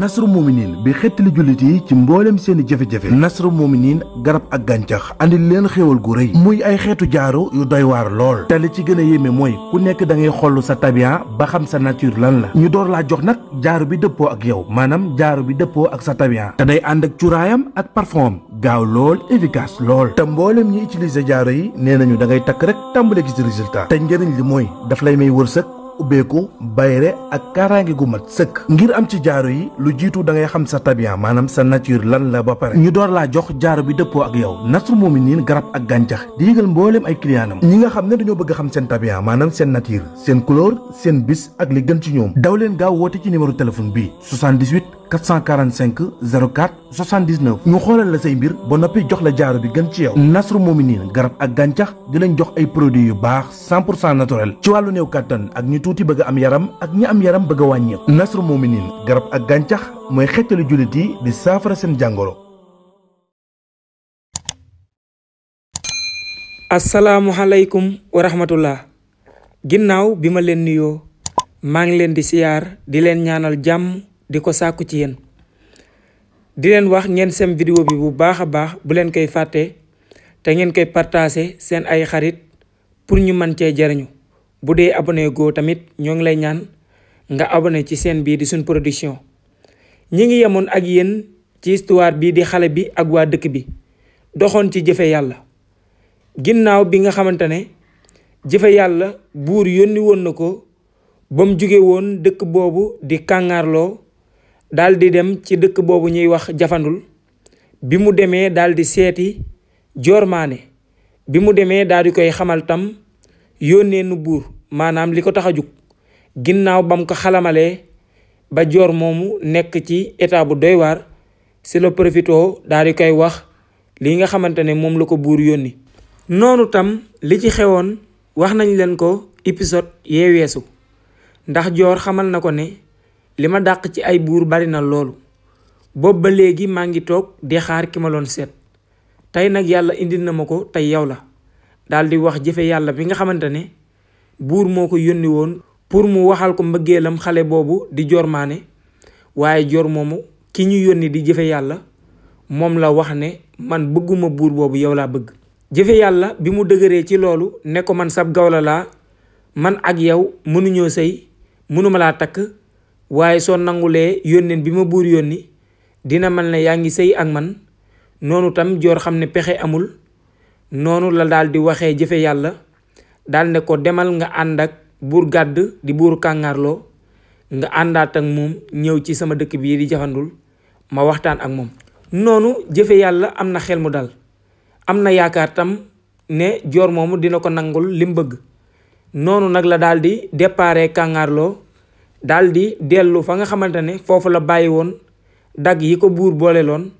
nasru muminin bi xettali jullit yi ci mbooleem seeni jafe-jafe nasru muminin garab ak gàncax andi leen xéewal gu rëy muy ay xeetu jaaro yu doy waar lool te li ci gën a yéeme mooy ku nekk da ngay xoll sa tabian ba xam sa nature lan la ñu door laa jox nag jaaro bi dëppoo ak yow maanaam jaaro bi dëppoo ak sa tabian te day ànd ak cuuraayam ak parfum am gaaw lool efficace lool te mboolem ñi utiliser jaaro yi nee nañu da ngay takk rek tàmbale gis résultat te njëriñ li mooy daf lay may wërsëg ubbeeku bayre ak kaaraange gu mat sëkk ngir am ci jaaro yi lu jiitu dangay xam sa tabiya maanaam sa nature lan la ba pare ñu door laa jox jaaro bi dëppoo ak yow Nasrul Muminin garab ak gàncax di yëgal mbooleem ay clientam ñi nga xam ne dañoo bëgg xam seen tabiya maanaam seen nature seen couleur seen bis ak li gën ci ñoom daw leen gaaw woote ci numéro téléphone bi 445 04 79 ñu xoolal la say mbir ba noppi jox la jaaro bi gën ci yow Nasru Mominin garab ak gàncax di jox ay produits yu baax 100% naturel ci wàllu néew kàttan ak ñu tuuti bëgg am yaram ak ñi am yaram bëgg a wàññeeku Nasru Mominin garab ak gàncax mooy xettali jullit yi di saafara seen jàngoro. asalaamualeykum wa rahmatullah ginnaaw bi ma leen nuyoo maa ngi leen di siyaar di leen ñaanal jàmm. di ko sàkku ci yéen di leen wax ngeen sem vidéo bi bu baax a baax bu leen koy fàtte te ngeen koy partagé seen ay xarit pour ñu mën cee jariñu bu dee abone goo tamit ñoo ngi lay ñaan nga abone ci seen bii di suñ production ñi ngi yemoon ak yéen ci histoire bii di xale bi ak waa dëkk bi doxoon ci jëfe yàlla ginnaaw bi nga xamante ne jëfe yàlla buur yónni woon na ko ba mu jóge woon dëkk boobu di kàngaarloo daal dem ci dëkk boobu ñuy wax jafandul bi mu demee daldi di seeti joormaane bi mu demee daal di koy xamal tam yónnee nu buur maanaam li ko tax a jug ginnaaw ba mu ko xalamalee ba joor moomu nekk ci état bu doy waar si la profitoo daal di koy wax li nga xamante ne moom la ko buur yónni noonu tam li ci xewoon wax nañ leen ko épisode yee weesu ndax joor xamal na ko ne li ma dàq ci ay buur bari na loolu boobu ba léegi maa ngi toog di xaar ki ma loon seet tey nag yàlla indi na ma ko tey yow la daldi wax jëfe yàlla bi nga xamante ne buur moo ko yónni woon pour mu waxal ko mbëggeelam xale boobu di jor maane waaye jor moomu ki ñu yónni di jëfe yàlla moom la wax ne man bëgguma buur boobu yow laa bëgg jëfe yàlla bi mu dëgëree ci loolu ne ko man sab gawla laa man ak yow mënuñoo sëy mënuma laa takk waaye soo nangulee yónneen bi ma buur yónni dina mel na yaa ngi sëy ak man noonu tam joor xam ne pexe amul noonu la daal di waxee jëfe yàlla daal ko demal nga ànd ak buur gàdd di buur kàngaarloo nga àndaat ak moom ñëw ci sama dëkk bii di jafandul ma waxtaan ak moom noonu jëfe yàlla am na xel mu dal am na yaakaar tam ne joor moomu dina ko nangul li bëgg noonu nag la daal di déparé kàngaarloo daldi dellu fa nga xamante ne foofu la bàyyi woon dagg yi ko buur boole loon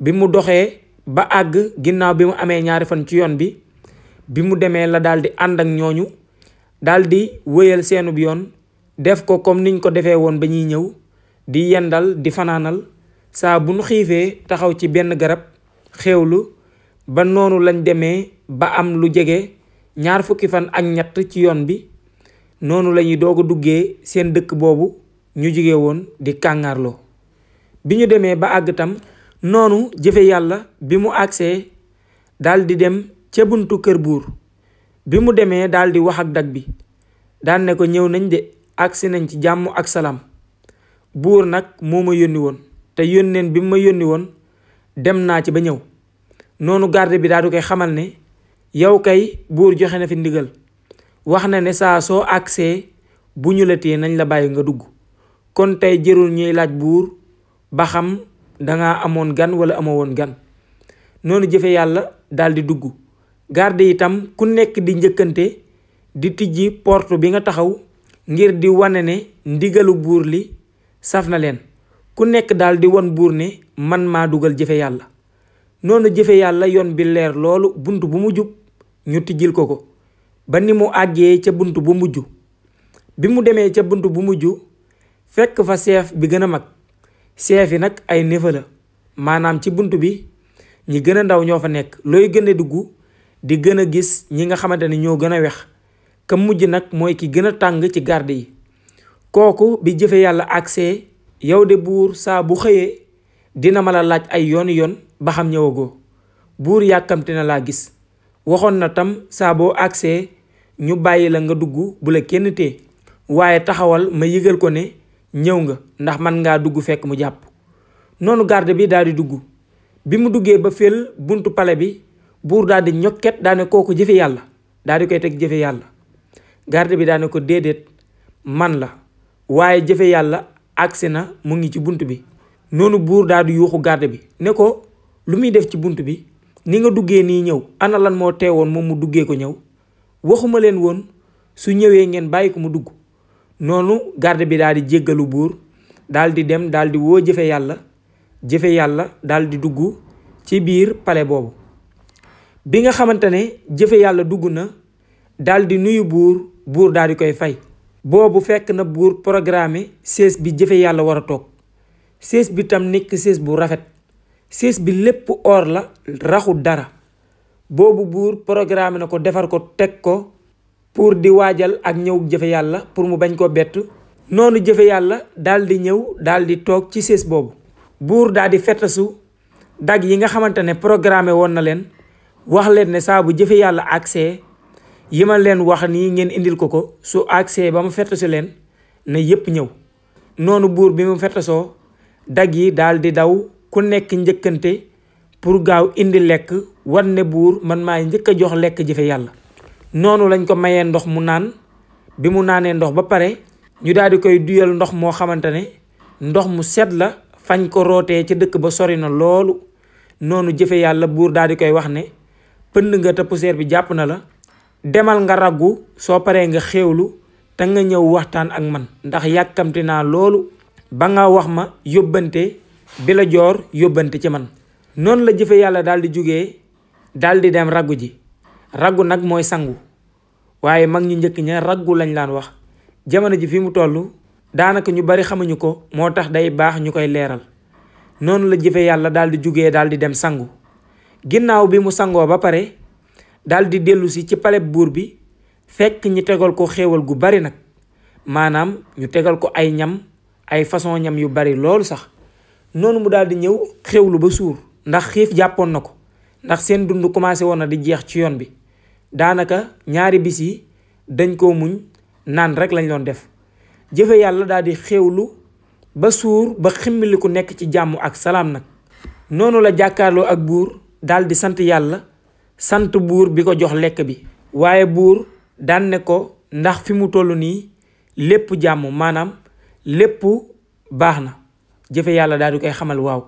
bi mu doxee ba àgg ginnaaw bi mu amee ñaari fan ci yoon bi bi mu demee la daal ànd ak ñooñu daldi di wéyal seenub yoon def ko comme niñ ko defee woon ba ñuy ñëw di yendal di fanaanal saa bu nu xiifee taxaw ci benn garab xéewlu ba noonu lañ demee ba am lu jege ñaar fukki fan ak ñett ci yoon bi noonu lañuy ñuy doog a duggee seen dëkk boobu ñu jóge woon di kàngaarloo bi ñu demee ba àgg noonu jëfe yàlla bi mu agsee daldi dem ca buntu kër buur bi mu demee daldi wax ak dag bi daan ne ko ñëw nañ de agsi nañ ci jàmm ak salaam buur nag moo ma yónni woon te yónneen bi ma yónni woon dem naa ci ba ñëw noonu garde bi daal di koy xamal ne yow kay buur joxe na fi ndigal wax na ne saa soo agsee bu ñu la tee nañ la bàyyi nga dugg kon tey jërul ñuy laaj buur ba xam danga amoon gan wala ama woon gan noonu jëfe yàlla daldi dugg garde itam ku nekk di njëkkante di tijji porte bi nga taxaw ngir di wane ne ndigalu buur li saf na leen ku nekk daal di wan buur ne man maa dugal jëfe yàlla noonu jëfe yàlla yoon bi leer loolu bunt bu mu jub ñu tijjil ko ko ba ni mu àggee ca bunt bu mujj bi mu demee ca bunt bu mujj fekk fa seef bi gën a mag seef yi nag ay néfa la maanaam ci bunt bi ñi gën a ndaw ñoo fa nekk looy gën a dugg di gën a gis ñi nga xamante ne ñoo gën a wex ka mujj nag mooy ki gën a tàng ci garde yi kooku bi jëfe yàlla agsee yow de buur saa bu xëyee dina ma la laaj ay yoonu yoon ba xam ñëwagoo buur yàkkamte na laa gis waxoon na tam saa boo agsee ñu bàyyi la nga dugg bu la kenn tee waaye taxawal ma yëgal ko ne ñëw nga ndax man ngaa dugg fekk mu jàpp noonu garde bi daal di dugg bi mu duggee ba fél buntu pale bi buur daal di ñokket daane kooku jëfe yàlla daal di koy teg jëfe yàlla garde bi ne ko déedéet man la waaye jëfe yàlla agsi na mu ngi ci bunt bi noonu buur daal di yuuxu garde bi ne ko lu muy def ci bunt bi ni nga duggee nii ñëw ana lan moo teewoon moom mu duggee ko ñëw waxuma leen woon su ñëwee ngeen bàyyi ko mu dugg noonu garde bi daal di jéggalu buur daal di dem daal di woo jëfe yàlla jëfe yàlla daldi dugg ci biir palais boobu bi nga xamante ne jëfe yàlla dugg na daal di nuyu buur buur daal di koy fay boobu fekk na buur programme sées bi jëfe yàlla war a toog sées bi tam nekk sées bu rafet siis bi lépp or la raxu dara boobu buur programme na ko defar ko teg ko pour di waajal ak ñëw jëfe yàlla pour mu bañ koo bett noonu jëfe yàlla daal di ñëw daal di toog ci siis boobu buur daal di fetasu dag yi nga xamante ne programme woon na leen wax leen ne saabu bu jëfe yàlla accès yi ma leen wax nii ngeen indil ko ko su accès ba mu fetasu leen ne yépp ñëw noonu buur bi mu fetasoo dag yi daal di daw ku nekk njëkkante pour gaaw indi lekk war ne buur man maay njëkk a jox lekk ji yàlla noonu lañ ko mayee ndox mu naan bi mu naanee ndox ba pare ñu daal di koy duyal ndox moo xamante ne ndox mu set la fañ ko rootee ca dëkk ba sori na loolu noonu jëfe yàlla buur daal di koy wax ne pënd nga te poussière bi jàpp na la demal nga raggu soo paree nga xéewlu te nga ñëw waxtaan ak man ndax yàkkamti naa loolu ba nga wax ma yóbbante bi joor yóbbante ci man noonu la jëfe yàlla daal di jógee daal dem raggu ji raggu nag mooy sangu waaye mag ñu njëkk ña raggu lañ laan wax jamono ji fi mu toll daanaka ñu bari xamuñu ko moo tax day baax ñu koy leeral noonu la jëfe yàlla daal di jógee daal di dem sangu ginnaaw bi mu sangoo ba pare daldi dellusi ci paleb buur bi fekk ñi tegal ko xéewal gu bari nag maanaam ñu tegal ko ay ñam ay façon ñam yu bari loolu sax noonu mu daal di ñëw xewlu ba suur ndax xiif jàppoon na ko ndax seen dund commencé woon na di jeex ci yoon bi daanaka ñaari bis yi dañ koo muñ naan rek lañ doon def jëfe yàlla daal di xewlu ba suur ba ximmili ku nekk ci jàmm ak salaam nag noonu la jàkkaarloo ak buur daal di sant yàlla sant buur bi ko jox lekk bi waaye buur daan ne ko ndax fi mu toll nii lépp jàmm maanaam lépp baax na jëfe yàlla daal di koy xamal waaw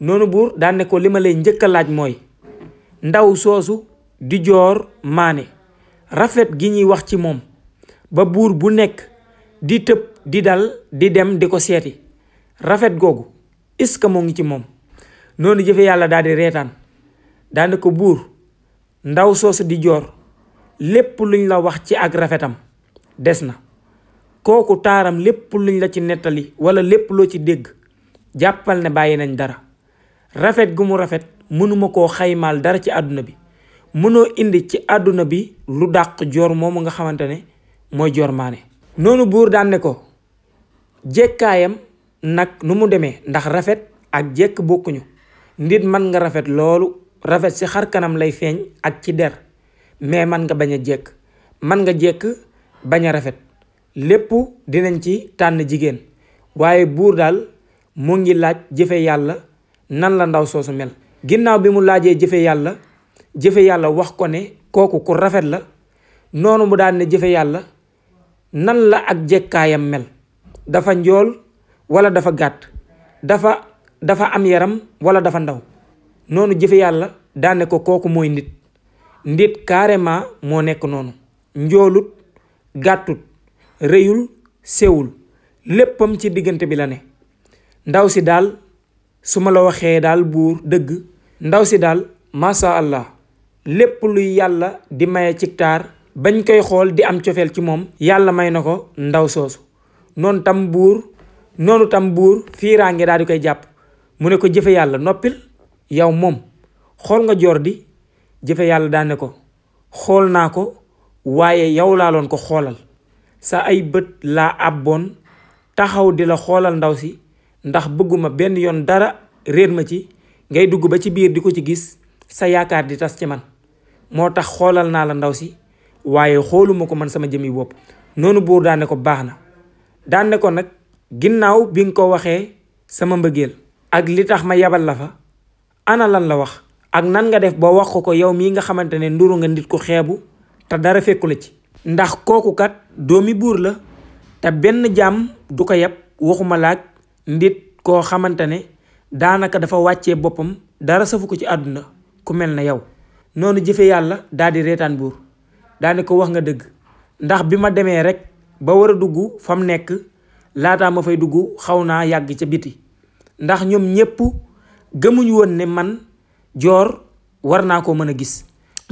noonu buur daan ne ko li ma lay njëkk a laaj mooy ndaw soosu di joor maani rafet gi ñuy wax ci moom ba buur bu nekk di tëb di dal di dem di ko seeti rafet googu est-ce que moo ngi ci moom noonu jëfe yàlla daal di reetaan daan ne ko buur ndaw soosu di joor lépp luñ la wax ci ak rafetam des na kooku taaram lépp luñ la ci nettali wala lépp loo ci dégg jàppal na bàyyi nañ dara rafet gu mu rafet mënuma koo xaymaal dara ci àdduna bi mënoo indi ci àdduna bi lu dàq joor moomu nga xamante ne mooy joor maane noonu buur daan ne ko jekkaayam nag nu mu demee ndax rafet ak jekk bokkuñu nit man nga rafet loolu rafet ci xar kanam lay feeñ ak ci der mais man nga bañ a jekk man nga jekk bañ a rafet lépp dinañ ci tànn jigéen waaye buur daal mu ngi laaj jëfe yàlla nan la ndaw soosu mel ginnaaw bi mu laajee jëfe yàlla jëfe yàlla wax ko ne kooku ku rafet la noonu mu daan ne jëfe yàlla nan la ak jekkaayam mel dafa njool wala dafa gàtt dafa dafa am yaram wala dafa ndaw noonu jëfe yàlla daane ko kooku mooy nit ndit carrément moo nekk noonu njoolut gàttut rëyul sewul léppam ci diggante bi la ne ndaw si daal su ma la waxee daal buur dëgg ndaw si daal macha allah lépp luy yàlla di maye ci taar bañ koy xool di am cofeel ci moom yàlla may na ko ndaw soosu noonu tam buur noonu tam buur fiiraange daal di koy jàpp mu ne ko jëfe yàlla noppil yow moom xool nga joor di jëfe yàlla daane ko xool naa ko waaye yow loon ko xoolal sa ay bët laa àbboon taxaw di la xoolal ndaw si ndax bëgguma benn yoon dara réet ma ci ngay dugg ba ci biir di ko ci gis sa yaakaar di tas ci man moo tax xoolal naa la ndaw si waaye xooluma ko man sama jëmi bopp noonu buur daane ko baax na daane ko nag ginnaaw bi nga ko waxee sama mbëggeel ak li tax ma yabal la fa ana lan la wax ak nan nga def ba wax ko ko yow mii nga xamante ne nduru nga nit ku xeebu te dara fekku la ci ndax kooku kat doomi buur la te benn jaam du ko yab waxuma laaj nit koo xamante ne daanaka dafa wàcce boppam dara sëfu ko ci àdduna ku mel na yow noonu jëfe yàlla daal di reetaan buur daal di ko wax nga dëgg ndax bi ma demee rek ba war a dugg fa mu nekk laataa ma fay dugg xaw naa yàgg ca biti ndax ñoom ñépp gëmuñu woon ne man joor war naa ko mën a gis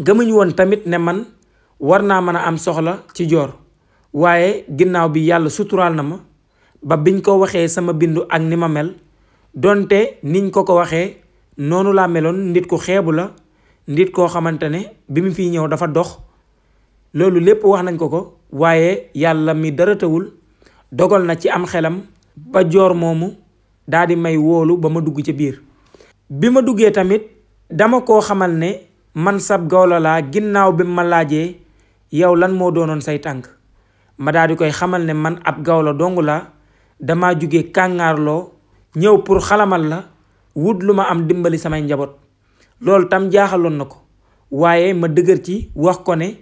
gëmuñu woon tamit ne man war naa mën a am soxla ci joor waaye ginnaaw bi yàlla suturaal na ma ba biñ ko waxee sama bindu ak ni ma mel doonte niñ ko ko waxee noonu laa meloon nit ku xeebu la nit koo xamante ne bi mu fi ñëw dafa dox loolu lépp wax nañ ko ko waaye yàlla mi dara dogal na ci am xelam ba joor moomu daa may woolu ba ma dugg ci biir bi ma duggee tamit dama koo xamal ne man sab gawla laa ginnaaw bi ma laajee yow lan moo doonoon say tànk ma daa koy xamal ne man ab gawlo dong laa dama jóge kàngaarloo ñëw pour xalamal la wut lu ma am dimbali samay njaboot loolu tam jaaxaloon na ko waaye ma dëgër ci wax ko ne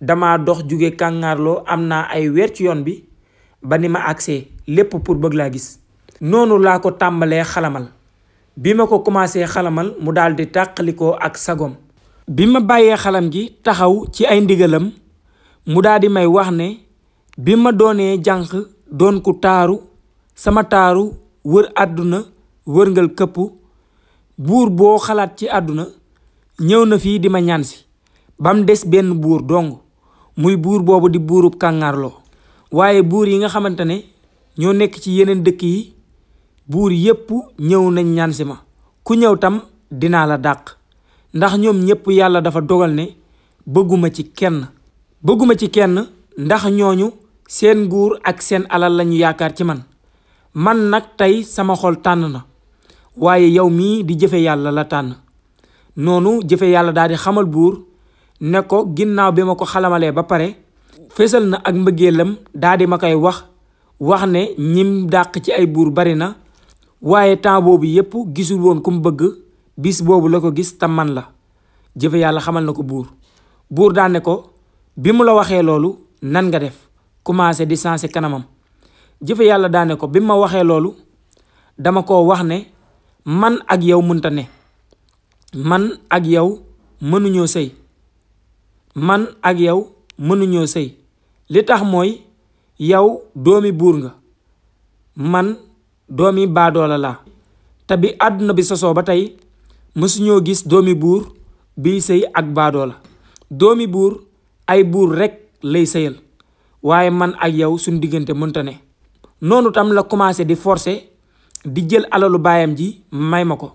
dama dox jóge kàngaarloo am naa ay weer ci yoon bi ba ni ma agsee lépp pour bëgg laa gis noonu laa ko tàmbalee xalamal bi ma ko commencé xalamal mu daal di tàqalikoo ak sagom bi ma bàyyee xalam ji taxaw ci ay ndigalam mu daldi may wax ne bi ma doonee jànq doon ku taaru sama taaru wër àdduna wërngal këppu buur boo xalaat ci àdduna ñëw na fii di ma ñaansi bam des benn buur dong muy buur boobu di buurub kàngaarloo waaye buur yi nga xamante ne ñoo nekk ci yeneen dëkk yi buur yépp ñëw na ñaan si ma ku ñëw tam dinaa la dàq ndax ñoom ñépp yàlla dafa dogal ne bëgguma ci kenn bëgguma ci kenn ndax ñooñu seen nguur ak seen alal lañu yaakaar ci man man nag tey sama xol tànn na waaye yow mii di jëfe yàlla la tànn noonu jëfe yàlla daal di xamal buur ne ko ginnaaw bi ma ko xalamalee ba pare fësal na ak mbëggeelam daal di ma koy wax wax ne ñim dàq ci ay buur bari na waaye temps boobu yépp gisul woon ku mu bëgg bis boobu la ko gis te man la jëfe yàlla xamal na ko buur buur ne ko bi mu la waxee loolu nan nga def commencé di sensé kanamam jëfe yàlla daane ko bi ma waxee loolu dama ko wax ne man ak yow mënta ne man ak yow mënuñoo sëy man ak yow mënuñoo sëy li tax mooy yow doomi buur nga man doomi baadoola laa te bi àdduna bi sa sosoo ba tey mësuñoo gis doomi buur biy sëy ak baadoola doomi buur ay buur rekk lay sëyal waaye man ak yow suñu diggante mënta ne noonu tam la commencé di forcer di jël alalu baayam ji may ma ko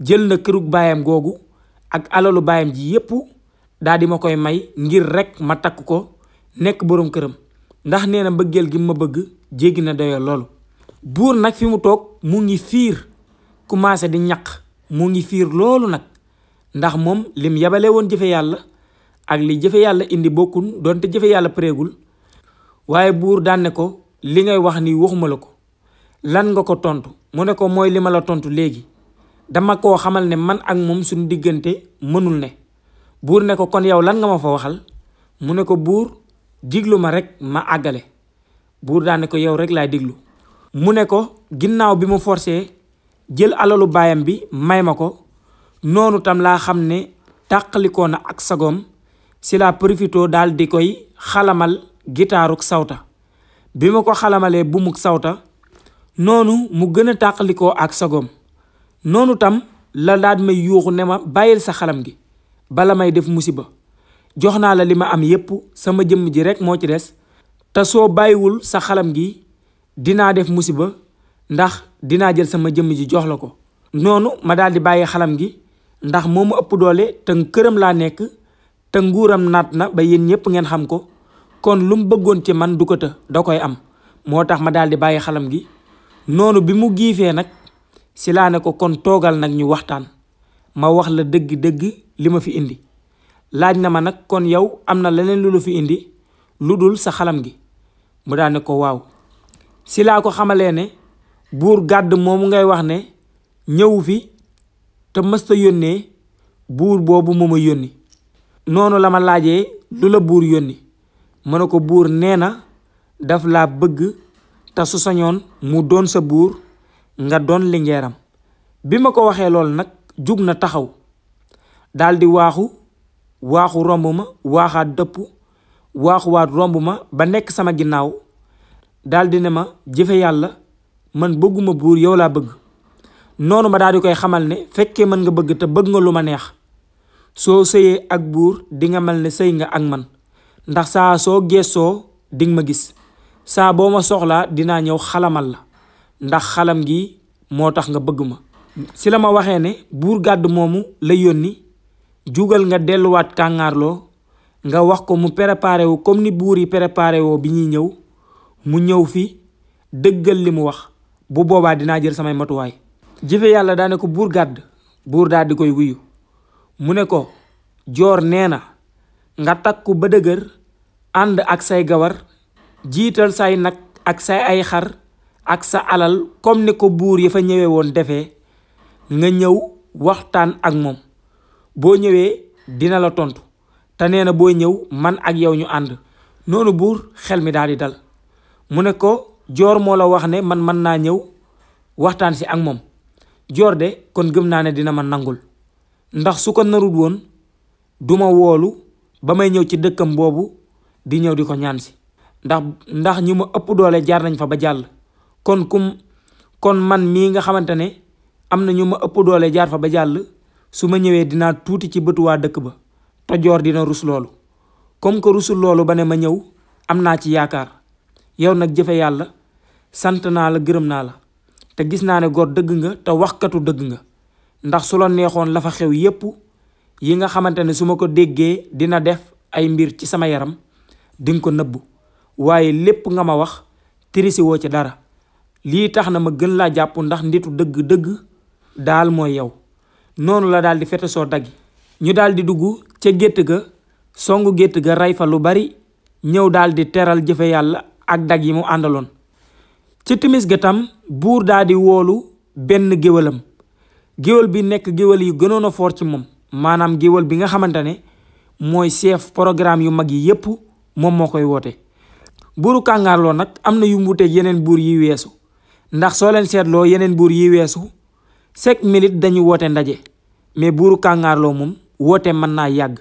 jël na kërug baayam googu ak alalu baayam ji yépp daa di ma koy may ngir rek ma takk ko nekk boroom këram ndax neena na gi ma bëgg jéggi na doyo loolu buur nag fi mu toog mu ngi fiir commencé di ñaq mu ngi fiir loolu nag ndax moom lim yabale woon jëfe yàlla ak li jëfe yàlla indi bokkun doonte jëfe yàlla përeegul waaye buur daan ko li ngay wax ni waxuma la ko lan nga ko tontu mu ne ko mooy li ma la tontu léegi dama koo xamal ne man ak moom suñ diggante mënul ne buur ne ko kon yow lan nga ma fa waxal mu ne ko buur diglu ma rek ma àggale buur daan ne ko yow rek laay diglu mu ne ko ginnaaw bi mu forcé jël alalu baayam bi may ma ko noonu tam laa xam ne tàqalikoo na ak sagoom si la profito daal di koy xalamal gitaaru sawta bi ma ko xalamalee bu bumuk sawta noonu mu gën a tàqalikoo ak sagoom noonu tam la daat may yuuxu ne ma bàyyil sa xalam gi bala may def musiba jox naa la li ma am yépp sama jëmm ji rekk moo ci des te soo bàyyiwul sa xalam gi dinaa def musiba ndax dinaa jël sama jëmm ji jox la ko noonu ma daal di bàyyi xalam gi ndax moo mu ëpp doole te këram laa nekk te nguuram naat na ba yéen ñépp ngeen xam ko kon lu mu bëggoon ci man du ko të da koy am moo tax ma daal di bàyyi xalam gi noonu bi mu giifee nag si laa ne ko kon toogal nag ñu waxtaan ma wax la dëgg-dëgg li ma fi indi laaj na ma nag kon yow am na leneen lu lu fi indi lu dul sa xalam gi mu daal ne ko waaw si laa ko xamalee ne buur gàdd moomu ngay wax ne ñëwu fi te mësta yónnee buur boobu mu ma yónni noonu la ma laajee lu la buur yónni mu ne ko buur nee na daf laa bëgg te su sañoon mu doon sa buur nga doon lingeeram bi ma ko waxee lool nag jug na taxaw daldi waaxu waaxu romb ma waaxaat dëpp waaxuwaat romb ma ba nekk sama ginnaaw daldi ne ma jëfe yàlla man bëgguma buur yow laa bëgg noonu ma daal di koy xamal ne fekkee mën nga bëgg te bëgg nga lu ma neex soo sëyee ak buur dinga mel ne sëy nga ak man ndax saa soo geesoo dinga ma gis saa boo ma soxlaa dinaa ñëw xalamal la ndax xalam gi moo tax nga bëgg ma si la ma waxee ne buur gàdd moomu la yónni jugal nga delluwaat kàngaarloo nga wax ko mu préparé wu ni buur yi préparé bi ñuy ñëw mu ñëw fi dëggal li mu wax bu boobaa dinaa jël samay matuwaay jëfe yàlla daa ne ko buur gàdd buur daal di koy wuyu mu ne ko joor nee na nga takku ba dëgër ànd ak say gawar jiital say nag ak say ay xar ak sa alal comme ni ko buur ya fa ñëwee woon defee nga ñëw waxtaan ak moom boo ñëwee dina la tontu te nee na boo ñëw man ak yow ñu ànd noonu buur xel mi daal di dal mu ne ko joor moo la wax ne man man naa ñëw waxtaan si ak moom joor de kon gëm naa ne dina ma nangul ndax su ko narut woon duma woolu ba may ñëw ci dëkkam boobu di ñëw di ko ñaan si ndax ndax ñi ma ëpp doole jaar nañ fa ba jàll kon kum kon man mii nga xamante ne am na ñu ma ëpp doole jaar fa ba jàll su ma ñëwee dinaa tuuti ci bëtuwaa dëkk ba tojoor dina rus loolu comme que rusul loolu ba ne ma ñëw am naa ci yaakaar yow nag jëfe yàlla sant naa la gërëm naa la te gis naa ne gor dëgg nga te waxkatu dëgg nga ndax su la neexoon la fa xew yépp yi nga xamante ne su ma ko déggee dina def ay mbir ci sama yaram dinga ko nëbb waaye lépp nga ma wax tirisi woo ci dara lii tax na ma gën laa jàpp ndax nditu dëgg-dëgg daal mooy yow noonu la daal di fete soo daggi ñu daal di dugg ca gétt ga songu gétt ga rey fa lu bari ñëw daal teral jëfe yàlla ak dag yi mu àndaloon ci timis ga tam buur daal woolu benn géwalam géwal bi nekk géwal yu gënoon a foor ci moom maanaam géwal bi nga xamante ne mooy chef programme yu mag yi yépp moom moo koy woote buuru kàngaarloo nag am na yu mbuuteeg yeneen buur yi weesu ndax soo leen seetloo yeneen buur yi weesu chaque minute dañu woote ndaje mais buuru kàngaarloo moom woote mën naa yàgg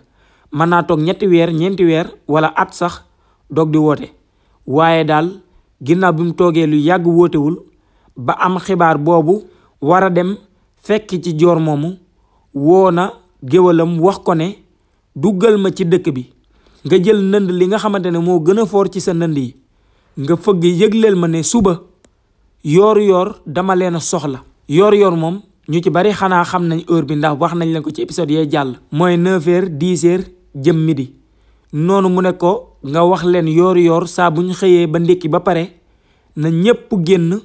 mën naa toog ñetti weer ñeenti weer wala at sax doog di woote waaye daal ginnaaw bi mu toogee lu yàgg wootewul ba am xibaar boobu war a dem fekk ci joor moomu woo na géwalam wax ko ne duggal ma ci dëkk bi nga jël nënd li nga xamante ne moo gën a foor ci sa nënd yi nga fëgg yëgleel ma ne suba yoor-yoor dama leen a soxla yoor-yoor moom ñu ci bari xanaa xam nañ heure bi ndax wax nañ leen ko ci épisode yee jàll. mooy 9h 10h jëm midi noonu mu ne ko nga wax leen yoor-yoor saa bu ñu xëyee ba ndékki ba pare na ñépp génn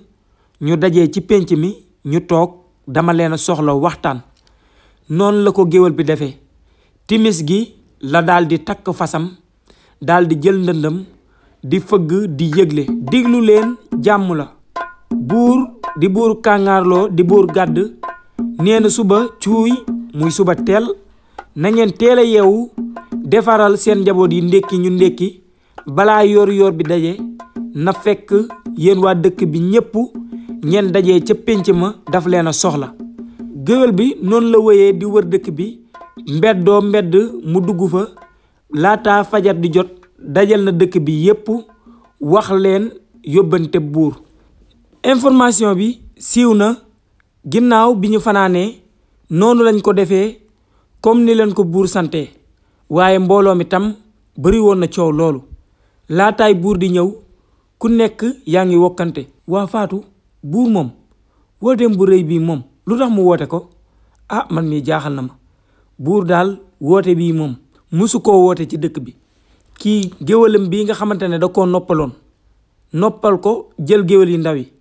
ñu dajee ci pénc mi ñu toog dama leen a soxla waxtaan noonu la ko géwél bi defee timis gi. la daal takk fasam daldi jël ndëndam di fëgg di yëgle diglu leen jàmm la buur di buur kàngaarloo di buur gàdd nee suba cuuy muy suba teel na ngeen teel a yeewu defaral seen njaboot yi ndékki ñu ndékki balaa yoor yoor bi daje na fekk yéen waa dëkk bi ñépp ngeen daje ca pénc ma daf leen a soxla géwél bi noonu la wéyee di wër dëkk bi mbeddoo mbedd mu dugg fa laataa fajar di jot dajal na dëkk bi yépp wax leen yóbbante buur information bi siiw na ginnaaw bi ñu fanaanee noonu lañ ko defee comme ni leen ko buur sante waaye mbooloo mi tam bari woon na coow loolu laataay buur di ñëw ku nekk yaa ngi wokkante waa faatu buur moom wooteem bu rëy bii moom lu tax mu woote ko ah man mii jaaxal na ma buur daal woote bii moom musu koo woote ci dëkk bi kii géwalam bi nga xamante ne da koo noppaloon noppal ko jël géwél yi ndaw yi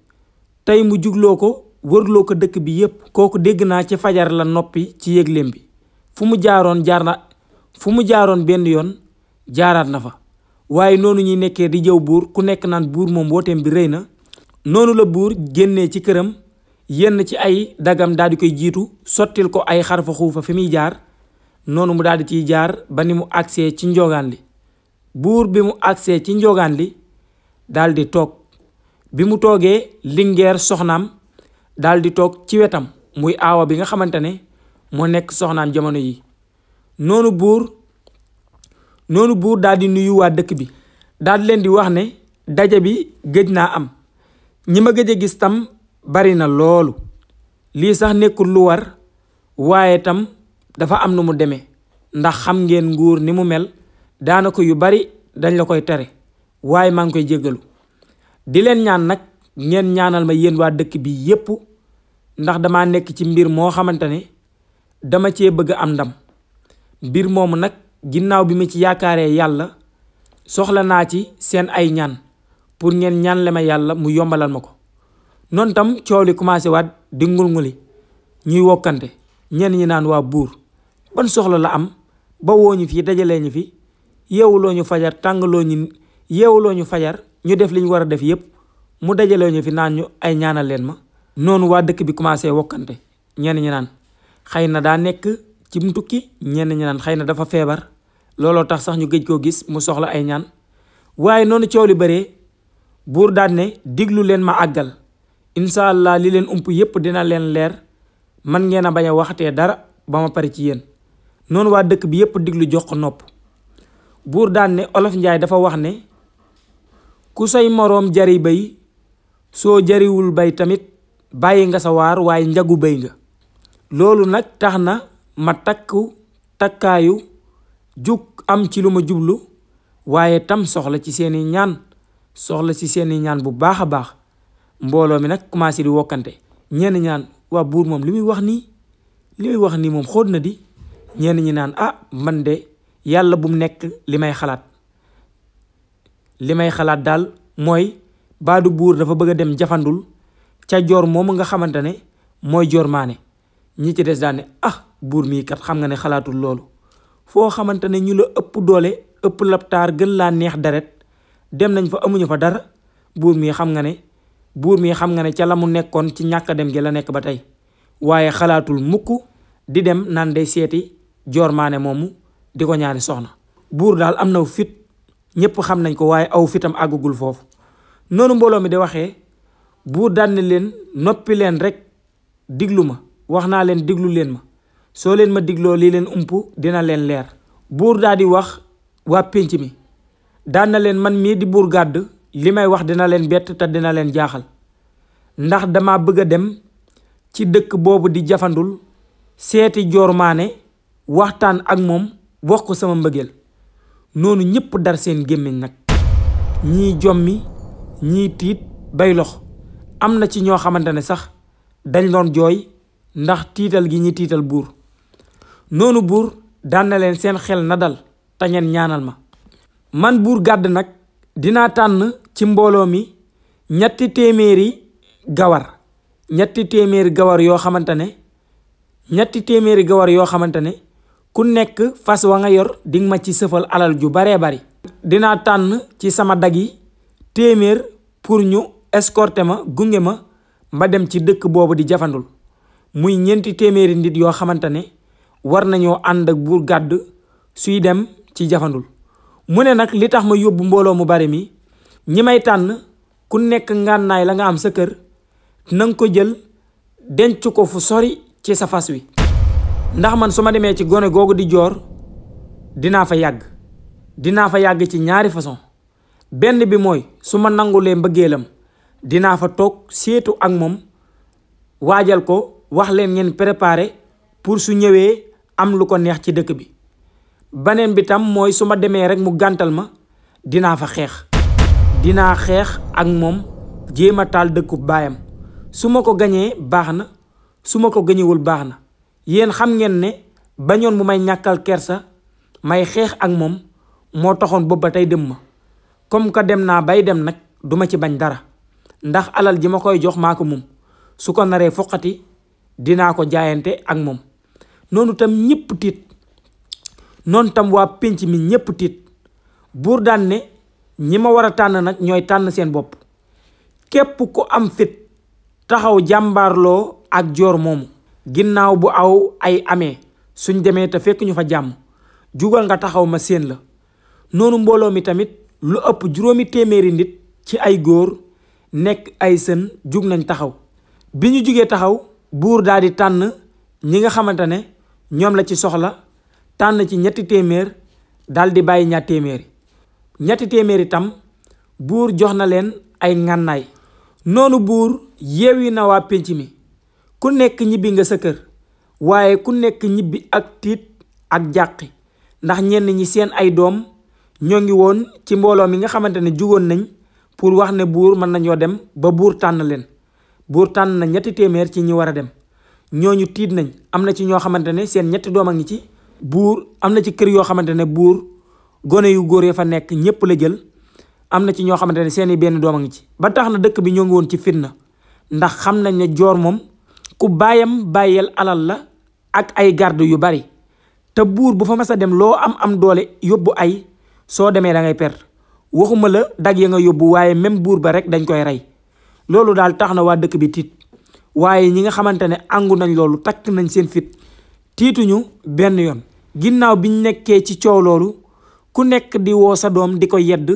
tey mu jugloo ko wërloo ko dëkk bi yépp kooku dégg naa ci fajar la noppi ci yëgleem bi fu mu jaaroon jaar na fu mu jaaroon benn yoon jaaraat na fa waaye noonu ñuy nekkee di jëw buur ku nekk naan buur moom wooteem bi rey na noonu la buur génnee ci këram yenn ci ay dagam daal di koy jiitu sottil ko ay xarfa xuufa fi muy jaar noonu mu daal di ciy jaar ba ni mu agsee ci njoogaan li buur bi mu agsee ci njoogaan li daldi toog bi mu toogee lingeer soxnaam daal toog ci wetam muy aawa bi nga xamante ne moo nekk soxnaam jamono yi noonu buur noonu buur daal di dëkk bi daal leen di wax ne daje bi gëj naa am ñi ma gëj a gis tam bari na loolu lii sax nekkul lu war waaye tam dafa am nu mu demee ndax xam ngeen nguur ni mu mel daanako yu bari dañ la koy tere waaye maa ngi koy jéggalu di leen ñaan nag ngeen ñaanal ma yéen waa dëkk bi yépp ndax dama nekk ci mbir moo xamante ne dama cee bëgg am ndam mbir moomu nag ginnaaw bi mu ci yaakaaree yàlla soxla naa ci seen ay ñaan pour ngeen ñaanle ma yàlla mu yombalal ma ko noonu tam coow li commencé waat di ngul-nguli ñuy wokkante ñenn ñi naan waa buur ban soxla la am ba woo ñu fii dajalee ñu fi yeewuloo ñu fajar tàngaloo ñu yeewuloo ñu fajar ñu def li ñu war a def yépp mu dajalee ñu fi naan ñu ay ñaanal leen ma noonu waa dëkk bi commencé wokkante ñenn ñi naan xëy na daa nekk ci mu tukki ñenn ñi naan xëy na dafa feebar looloo tax sax ñu gëj koo gis mu soxla ay ñaan waaye noonu coow li bëree buur daan ne diglu leen ma àggal incha allah li leen ump yépp dina leen leer man ngeen a bañ a waxatee dara ba ma pare ci yéen noonu waa dëkk bi yépp diglu jox ko nopp buur daan ne olof njaay dafa wax ne ku say moroom jari bay soo jariwul bay tamit bàyyi nga sa waar waaye njagu bay nga loolu nag tax na ma takku takkaayu jug am ci lu ma jublu waaye tam soxla ci seeni ñaan soxla ci seeni ñaan bu baax a baax mbooloo mi nag commencé di wokkante ñenn ñaan waa buur moom li muy wax nii li muy wax nii moom xoot na di ñenn ñi naan ah man de yàlla bum nekk li may xalaat li may xalaat daal mooy baadu buur dafa bëgg a dem jafandul ca joor moomu nga xamante ne mooy joor maane ñi ci des daan ne ah buur mii kat xam nga ne xalaatul loolu foo xamante ne ñu la ëpp doole ëpp labtaar gën laa neex deret dem nañ fa amuñu fa dara buur mii xam nga ne buur mi xam nga ne ca la mu nekkoon ci ñàkk dem gi la nekk ba tey waaye xalaatul mukk di dem naan day seeti jormaane moomu di ko ñaani soxna buur daal am na fit ñépp xam nañ ko waaye aw fitam àggagul foofu noonu mbooloo mi di waxee buur daal ne leen noppi leen rek diglu ma wax naa leen diglu leen ma soo leen ma digloo lii leen ump dina leen leer buur daal di wax waa pinc mi daan na leen man mii di buur gàdd li may wax dina leen bett te dina leen jaaxal ndax dama bëgg a dem ci dëkk boobu di jafandul seeti joormaane waxtaan ak moom wax ko sama mbëggeel noonu ñépp dar seen gémmiñ nag ñii jommi ñii tiit bay lox am na ci ñoo xamante ne sax dañ doon jooy ndax tiital gi ñi tiital buur noonu buur daan na leen seen xel na dal te ñaanal ma man buur gàdd nag dinaa tànn ci mbooloo mi ñetti téeméeri gawar ñetti téeméeri gawar yoo xamante ne ñetti téeméeri gawar yoo xamante ne ku nekk fas wa nga yor di nga ma ci sëfal alal ju baree bari dinaa tànn ci sama dag yi téeméer pour ñu escorter ma gunge ma ma dem ci dëkk boobu di jafandul muy ñeenti téeméeri nit yoo xamante ne war nañoo ànd ak buur gàdd suy dem ci jafandul mu ne nag li tax ma yóbbu mbooloo mu bari mi ñi may tànn ku nekk ngànnaay la nga am sa kër nanga ko jël denc ko fu sori ci sa fas wi ndax man su ma demee ci gone googu di joor dinaa fa yàgg dinaa fa yàgg ci ñaari façon benn bi mooy su ma nangu nangulee mbëggeelam dinaa fa toog seetu ak moom waajal ko wax leen ngeen préparer pour su ñëwee am lu ko neex ci dëkk bi beneen bi tam mooy su ma demee rek mu gàntal ma dinaa fa xeex dinaa xeex ak moom jéem a taal dëkkub baayam su ma ko gañee baax na su ma ko gañewul baax na yéen xam ngeen ne bañoon mu may ñàkkal kersa may xeex ak moom moo taxoon boobu ba tey dem ma comme que dem naa bay dem nag duma ci bañ dara ndax alal ji ma koy jox maa ko moom su ko naree foqati dinaa ko jaayante ak moom noonu tam ñépp tiit noonu tam waa pénc mi ñépp tiit buur daan ne ñi ma war a tànn nag ñooy tànn seen bopp képp ku am fit taxaw jàmbarloo ak joor moomu ginnaaw bu aw ay amee suñ demee te fekk ñu fa jàmm jugal nga taxaw ma séen la noonu mbooloo mi tamit lu ëpp juróomi téeméeri nit ci ay góor nekk ay sën jug nañ taxaw bi ñu jugee taxaw buur daal tànn ñi nga xamante ne ñoom la ci soxla tànn ci ñetti téeméer daal di bàyyi ñaar téeméeri ñetti téeméeri tam buur jox na leen ay ngànnaay noonu buur yeewi na waa pénc mi ku nekk ñibbi nga sa kër waaye ku nekk ñibbi ak tiit ak jàqi ndax ñenn ñi seen ay doom ñoo ngi woon ci mbooloo mi nga xamante ne jugoon nañ pour wax ne buur mën nañoo dem ba buur tànn leen buur tànn na ñetti téeméer ci ñi war a dem ñooñu tiit nañ am na ci ñoo xamante ne seen ñetti doom a ngi ci buur am na ci kër yoo xamante ne buur gone yu góor ya fa nekk ñëpp la jël am na ci ñoo xamante ne seeni benn doom a ngi ci ba tax na dëkk bi ñoo ngi woon ci na ndax xam nañ ne joor moom ku baayam bàyyeel alal la ak ay garde yu bari te buur bu fa mas dem loo am am doole yóbbu ay soo demee da ngay perte waxuma la dag ya nga yóbbu waaye même buur ba rek dañ koy rey loolu daal tax na waa dëkk bi tiit waaye ñi nga xamante ne àngu nañ loolu takk nañ seen fit tiituñu benn yoon ginnaaw biñ nekkee ci coow loolu ku nekk di woo sa doom di ko yedd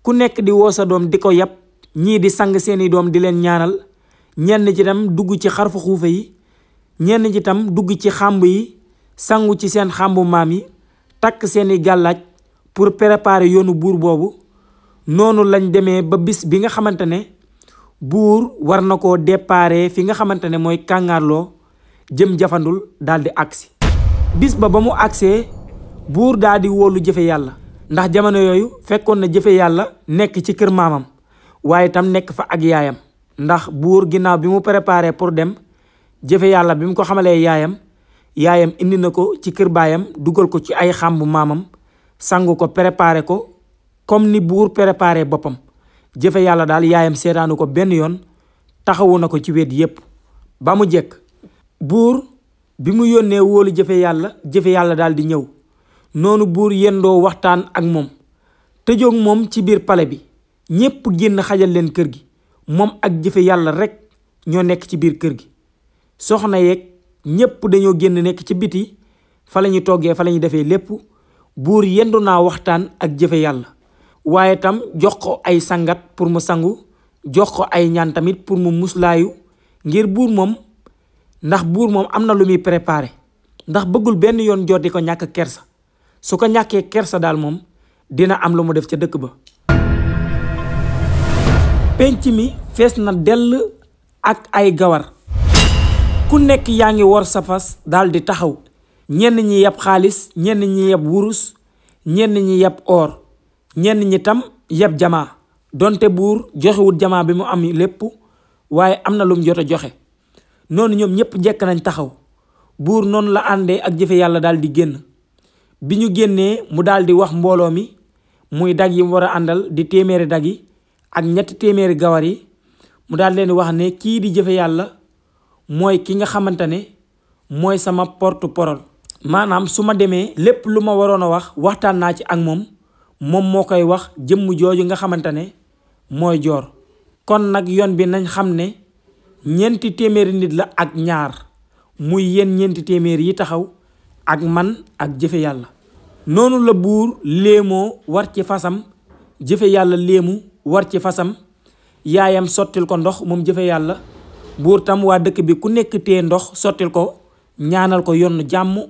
ku nekk di woo sa doom di ko yab ñii di sang seeni doom di leen ñaanal ñenn ci tam dugg ci xarfu xuufa yi ñenn ci tam dugg ci xàmb yi sangu ci seen xàmbu maam yi takk seeni gàllaaj pour préparer yoonu buur boobu noonu lañ demee ba bis bi nga xamante ne buur war na ko déparé fi nga xamante ne mooy kàngaarloo jëm jafandul daal di agsi bis ba ba mu agsee buur daa di wóolu jëfe yàlla ndax jamono yooyu fekkoon na jëfe yàlla nekk ci kër maamam waaye tam nekk fa ak yaayam ndax buur ginnaaw bi mu préparé pour dem jëfe yàlla bi mu ko xamalee yaayam yaayam indi na ko ci kër baayam dugal ko ci ay xàmbu maamam sangu ko préparé ko comme ni buur préparé boppam jëfe yàlla daal yaayam seetaanu ko benn yoon taxawu na ko ci wet yépp ba mu jekk buur bi mu yónnee wóolu jëfe yàlla jëfe yàlla daal di ñëw noonu buur yendoo waxtaan ak moom tëjoog moom ci biir pale bi ñépp génn xajal leen kër gi moom ak jëfe yàlla rekk ñoo nekk ci biir kër gi soxna yeeg ñépp dañoo génn nekk ci biti fa la ñu toggee fa la ñu defee lépp buur yendu naa waxtaan ak jëfe yàlla waaye tam jox ko ay sangat pour mu sangu jox ko ay ñaan tamit pour mu muslaayu ngir buur moom ndax buur moom am na lu muy préparé ndax bëggul benn yoon jot di ko ñàkk kersa su ko ñàkkee kersa daal moom dina am lu mu def ca dëkk ba pénc mi fees na dell ak ay gawar ku nekk yaa ngi wor sa fas daal di taxaw ñenn ñi yab xaalis ñenn ñi yab wurus ñenn ñi yab or ñenn ñi tam yab jamaa donte buur joxewut jamaa bi mu am lépp waaye am na lum jot a joxe noonu ñoom ñépp jekk nañ taxaw buur noonu la àndee ak jëfe yàlla daal di génn bi ñu génnee mu daldi wax mbooloo mi muy dag yi war a àndal di téeméeri dag yi ak ñetti téeméeri gawar yi mu daal leen di wax ne kii di jëfe yàlla mooy ki nga xamante ne mooy sama portu parole maanaam su ma demee lépp lu ma waroon a wax waxtaan naa ci ak moom moom moo koy wax jëmm jooju nga xamante ne mooy joor kon nag yoon bi nañ xam ne ñeenti téeméeri nit la ak ñaar muy yéen ñeenti téeméer yi taxaw ak man ak jëfe yàlla noonu la buur léemoo war ci fasam jëfe yàlla léemu war ci fasam yaayam sottil ko ndox moom jëfe yàlla buur tam waa dëkk bi ku nekk tee ndox sottil ko ñaanal ko yonn jàmm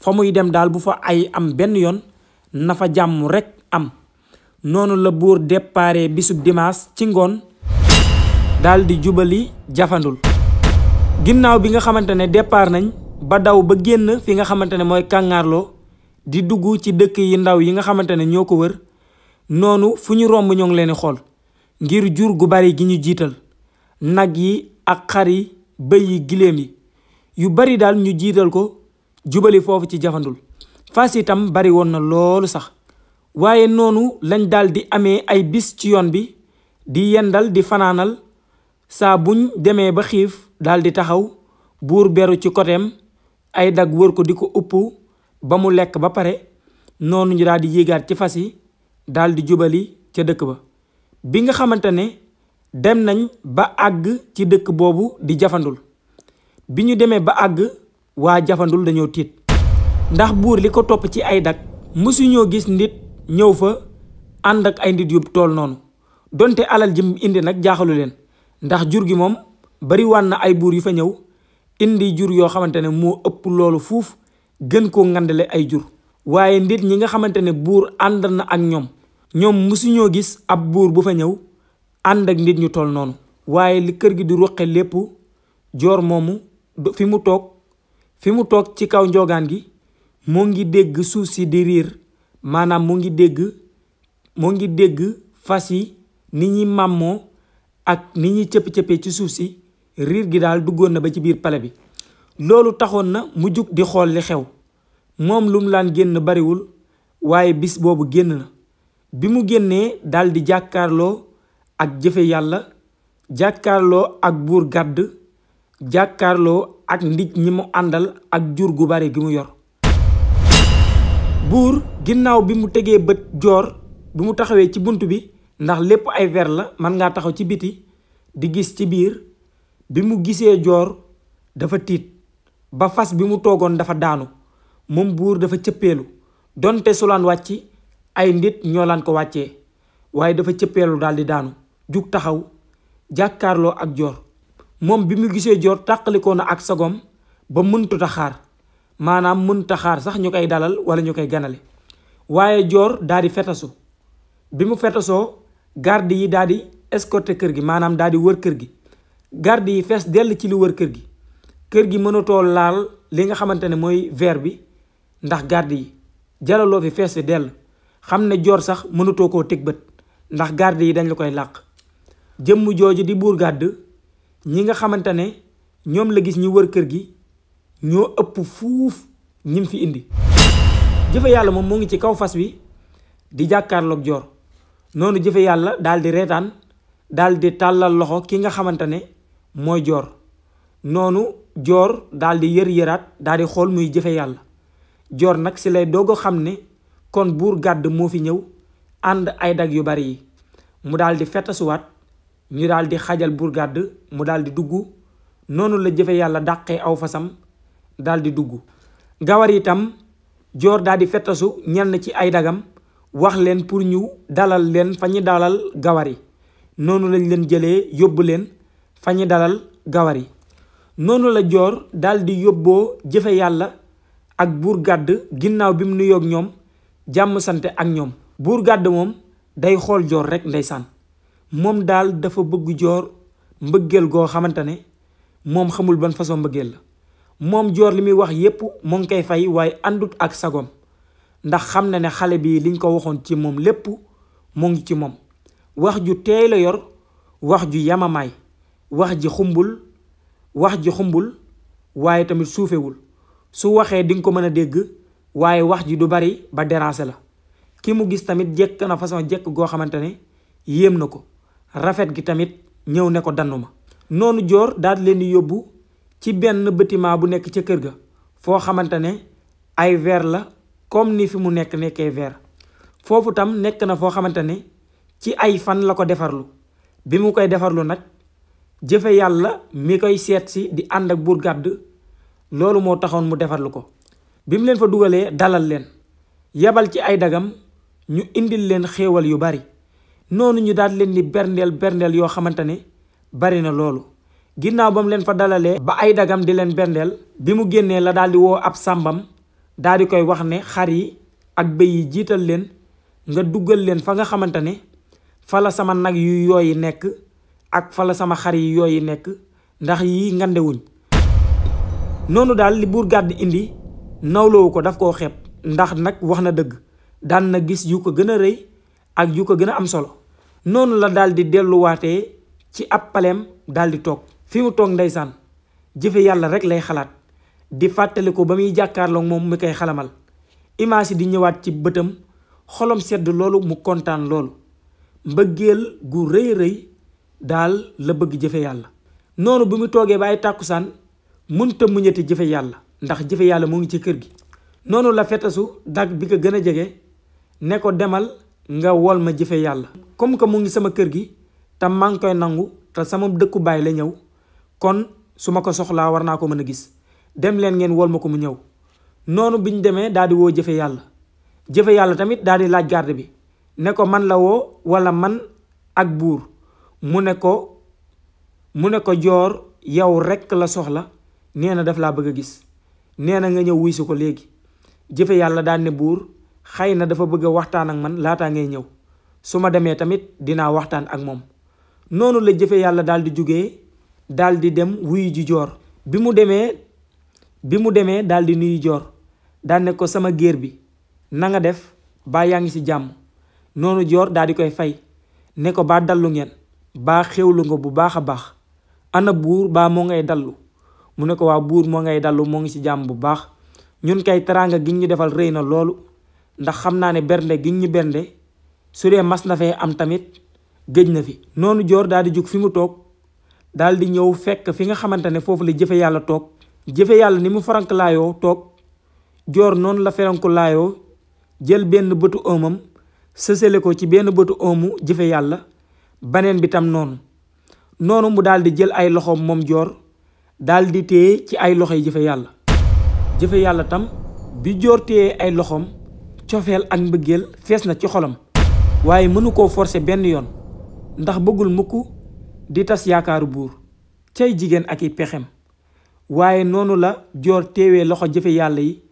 fa muy dem daal bu fa ay am benn yoon nafa fa jàmm rekk am noonu la buur déparé bisub dimaas ci ngoon daal di jubali jafandul ginnaaw bi nga xamante ne départ nañ ba daw ba génn fi nga xamante ne mooy kàngaarloo di dugg ci dëkk yi ndaw yi nga xamante ne ñoo ko wër noonu fu ñu romb ñoo ngi leen di xool ngir jur gu bari gi ñu jiital nag yi ak xar yi bëy yi giléem yi yu bari daal ñu jiital ko jubali foofu ci jafandul fas itam bari woon na loolu sax waaye noonu lañ daal amee ay bis ci yoon bi di yendal di fanaanal saa buñ demee ba xiif daal di taxaw buur beru ci koteem ay dagg wër ko di ko upp ba mu lekk ba pare noonu ñu daal di yéegaat ci fas yi daal di jubali ca dëkk ba bi nga xamante ne dem nañ ba àgg ci dëkk boobu di jafandul bi ñu demee ba àgg waa jafandul dañoo tiit ndax buur li ko topp ci ay dag mësuñoo gis nit ñëw fa ànd ak ay nit yu tool noonu donte alal ji indi nag jaaxalu leen ndax jur gi moom bari waan na ay buur yu fa ñëw indi jur yoo xamante ne moo ëpp loolu fuuf gën koo ngandale ay jur waaye nit ñi nga xamante ne buur ànd na ak ñoom ñoom musuñoo gis ab buur bu fa ñëw ànd ak nit ñu toll noonu waaye li kër gi du ruqe lépp joor moomu fi mu toog fi mu toog ci kaw njoogaan gi moo ngi dégg suuf si di riir maanaam mu ngi dégg moo ngi dégg fas yi ni ñi màmmoo ak ni ñuy cëpp-cëppee ci suuf si riir gi daal duggoon na ba ci biir pale bi loolu taxoon na mu jug di xool li xew moom lum laan génn bariwul waaye bis boobu génn na bi mu génnee daldi di jàkkaarloo ak jëfe yàlla jàkkaarloo ak buur gàdd jàkkaarloo ak nit ñi mu àndal ak jur gu bari gi mu yor buur ginnaaw bi mu tegee bët joor bi mu taxawee ci bunt bi ndax lépp ay wer la mën ngaa taxaw ci biti di gis ci biir bi mu gisee joor dafa tiit ba fas bi mu toogoon dafa daanu moom buur dafa cëppeelu donte sulaan wàcc ay nit ñoo laan ko wàccee waaye dafa cëppeelu daal di daanu jug taxaw jàkkaarloo ak joor moom bi mu gisee joor tàqalikoo na ak sagom ba mëntuta xaar maanaam mënta xaar sax ñu koy dalal wala ñu koy ganale waaye joor daal di fetasu bi mu fetasoo garde yi daal di escorter kër gi maanaam daal di wër kër gi garde yi fees dell ci lu wër kër gi kër gi mënatoo laal li nga xamante ne mooy veer bi ndax garde yi jalaloo fi fees fi dell xam ne joor sax mënatoo koo teg bët ndax garde yi dañ la koy làq jëmm jooju di buur gàdd ñi nga xamante ne ñoom la gis ñu wër kër gi ñoo ëpp fuuf ñim fi indi jëfe yàlla moom mu ngi ci kaw fas wi di jàkkaarloog joor noonu jëfe yàlla daal di reetaan daal di tàllal loxo ki nga xamante ne mooy joor noonu joor daldi yër yëraat daal di xool muy jëfe yàlla joor nag si lay doog xam ne kon buur gàdd moo fi ñëw ànd ay dag yu bari yi mu daldi fetasuwaat ñu daldi xajal buur gàdd mu daldi di dugg noonu la jëfe yàlla dàqee aw fasam daldi di dugg gawar itam joor daal fetasu fettasu ñenn ci ay dagam wax leen pour ñu dalal leen fa ñu dalal gawar yi noonu lañ leen jëlee yóbbu leen fa ñu dalal gawar yi noonu la joor dal daldi yóbboo jëfe yàlla ak buur gàdd ginnaaw bi mu nuyoog ñoom jàmm sante ak ñoom buur gàdd moom day xool joor rekk ndeysaan moom daal dafa bëgg joor mbëggeel goo xamante ne moom xamul ban façon mbëggeel la moom joor li muy wax yépp mu ngi koy fay waaye àndut ak sagom ndax xam na ne xale bi liñ ko waxoon ci moom lépp mu ngi ci moom wax ju teey la yor wax ju yamamaay wax ji xumbul wax ji xumbul waaye tamit suufewul su waxee dinga ko mën a dégg waaye wax ji du bari ba déranger la ki mu gis tamit jëkk na façon jekk goo xamante ne yéem na ko rafet gi tamit ñëw ne ko dannu ma noonu joor daal leen di yóbbu ci benn bâtiment bu nekk ca kër ga foo xamante ne ay verre la comme ni fi mu nekk nekkee verre foofu tam nekk na foo xamante ne ci ay fan la ko defarlu bi mu koy defarlu nag jëfe yàlla mi koy seet si di ànd ak buur gàdd loolu moo taxoon mu defarlu ko bi mu leen fa dugalee dalal leen yebal ci ay dagam ñu indil leen xéewal yu bari noonu ñu daal leen di berndeel berndeel yoo xamante ne bari na loolu ginnaaw ba leen fa dalalee ba ay dagam di leen berndeel bi mu génnee la daal di woo ab sàmbam daal di koy wax ne xar yi ak bëy yi jiital leen nga dugal leen fa nga xamante ne fa la sama nag yu yooyu nekk ak fa la sama xar yi yooyu nekk ndax yi ngandewuñ noonu daal li buur gàdd indi nawloowu ko daf koo xeeb ndax nag wax na dëgg daal na gis yu ko gën a rëy ak yu ko gën a am solo noonu la daal di delluwaatee ci ab paleem daal di toog fi mu toog ndeysaan jëfe yàlla rek lay xalaat di fàttali ko ba muy jàkkaarloo moom mi koy xalamal image yi di ñëwaat ci bëtam xolom sedd loolu mu kontaan loolu mbëggeel gu rëy rëy daal la bëgg jëfe yàlla noonu bi mu toogee ba ay tàkkusaan mënta muñati jëfe yàlla ndax jëfe yàlla mu ngi ci kër gi noonu la fetesu dag bi ko gën a jege ne ko demal nga wol ma jëfe yàlla comme que mu ngi sama kër gi te maa ngi koy nangu te sama dëkku baay la ñëw kon su ma ko soxlaa war naa ko mën a gis dem leen ngeen wol ma ko mu ñëw noonu bi ñu demee daal di woo jëfe yàlla jëfe yàlla tamit daal di laaj garde bi ne ko man la woo walla man ak buur mu ne ko mu ne ko joor yow rekk la soxla nee na daf laa bëgg a gis nee na nga ñëw wuy ko léegi jëfe yàlla daan ne buur xëy na dafa bëgg a waxtaan ak man laataa ngay ñëw su ma demee tamit dinaa waxtaan ak moom noonu la jëfe yàlla daal di jógee dal di dem wuyu ji joor bi mu demee bi mu demee daal di nuyu joor daan ne ko sama géer bi na nga def baa yaa ngi ci jàmm noonu joor daal di koy fay ne ko baa dallu ngeen baa xewlu nga bu baax a baax ana buur baa moo ngay dallu mu ne ko waa buur moo ngay dallu moo ngi ci jàmm bu baax ñun kay teraanga gi ñu defal rëy na loolu ndax xam naa ne bernde gi ñu bernde su dee mas na fee am tamit géej na fi noonu joor daal di jug fi mu toog daal di ñëw fekk fi nga xamante ne foofu la jëfe yàlla toog jëfe yàlla ni mu farank laayoo toog joor noonu la feranku laayoo jël benn bëtu ëmmam sësale ko ci benn bëtu ëmmu jëfe yàlla baneen bi tam noonu noonu mu daal di jël ay loxoom moom joor daldi di téye ci ay loxo yi jëfe yàlla jëfe yàlla tam bi joor téye ay loxoom cofeel ak mbëggeel fees na ci xolam waaye mënu koo forcer benn yoon ndax bëggul mukk di tas yaakaaru buur cay jigéen ak i pexem waaye noonu la joor téewee loxo jëfe yàlla yi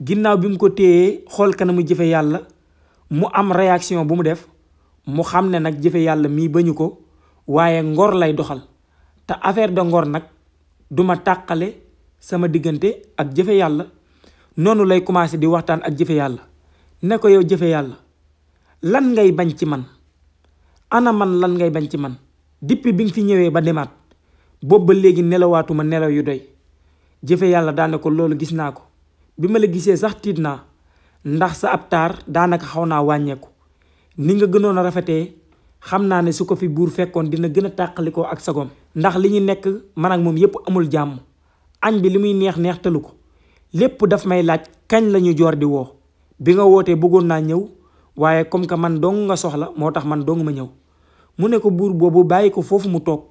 ginnaaw bi mu ko téyee xool kanamu jëfe yàlla mu am réaction bu mu def mu xam ne nag jëfe yàlla mii bañu ko waaye ngor lay doxal te affaire de ngor nag duma tàqale sama diggante ak jëfe yàlla noonu lay commencé di waxtaan ak jëfe yàlla ne ko yow jëfe yàlla lan ngay bañ ci man ana man lan ngay bañ ci man depuis bi nga fi ñëwee ba demaat boobu ba léegi nelawaatuma nelaw yu doy jëfe yàlla daane ko loolu gis naa ko bi ma la gisee sax tiit naa ndax sa ab taar daanaka xaw naa wàññeeku ni nga gënoon a rafetee xam naa ne su ko fi buur fekkoon dina gën a tàqalikoo ak sagom ndax li ñu nekk man ak moom yépp amul jàmm añ bi li muy neex neex tëlu ko lépp daf may laaj kañ la ñu joor di woo bi nga wootee bëggoon naa ñëw waaye comme que man dong nga soxla moo tax man dong ma ñëw mu ne ko buur boobu bàyyi ko foofu mu toog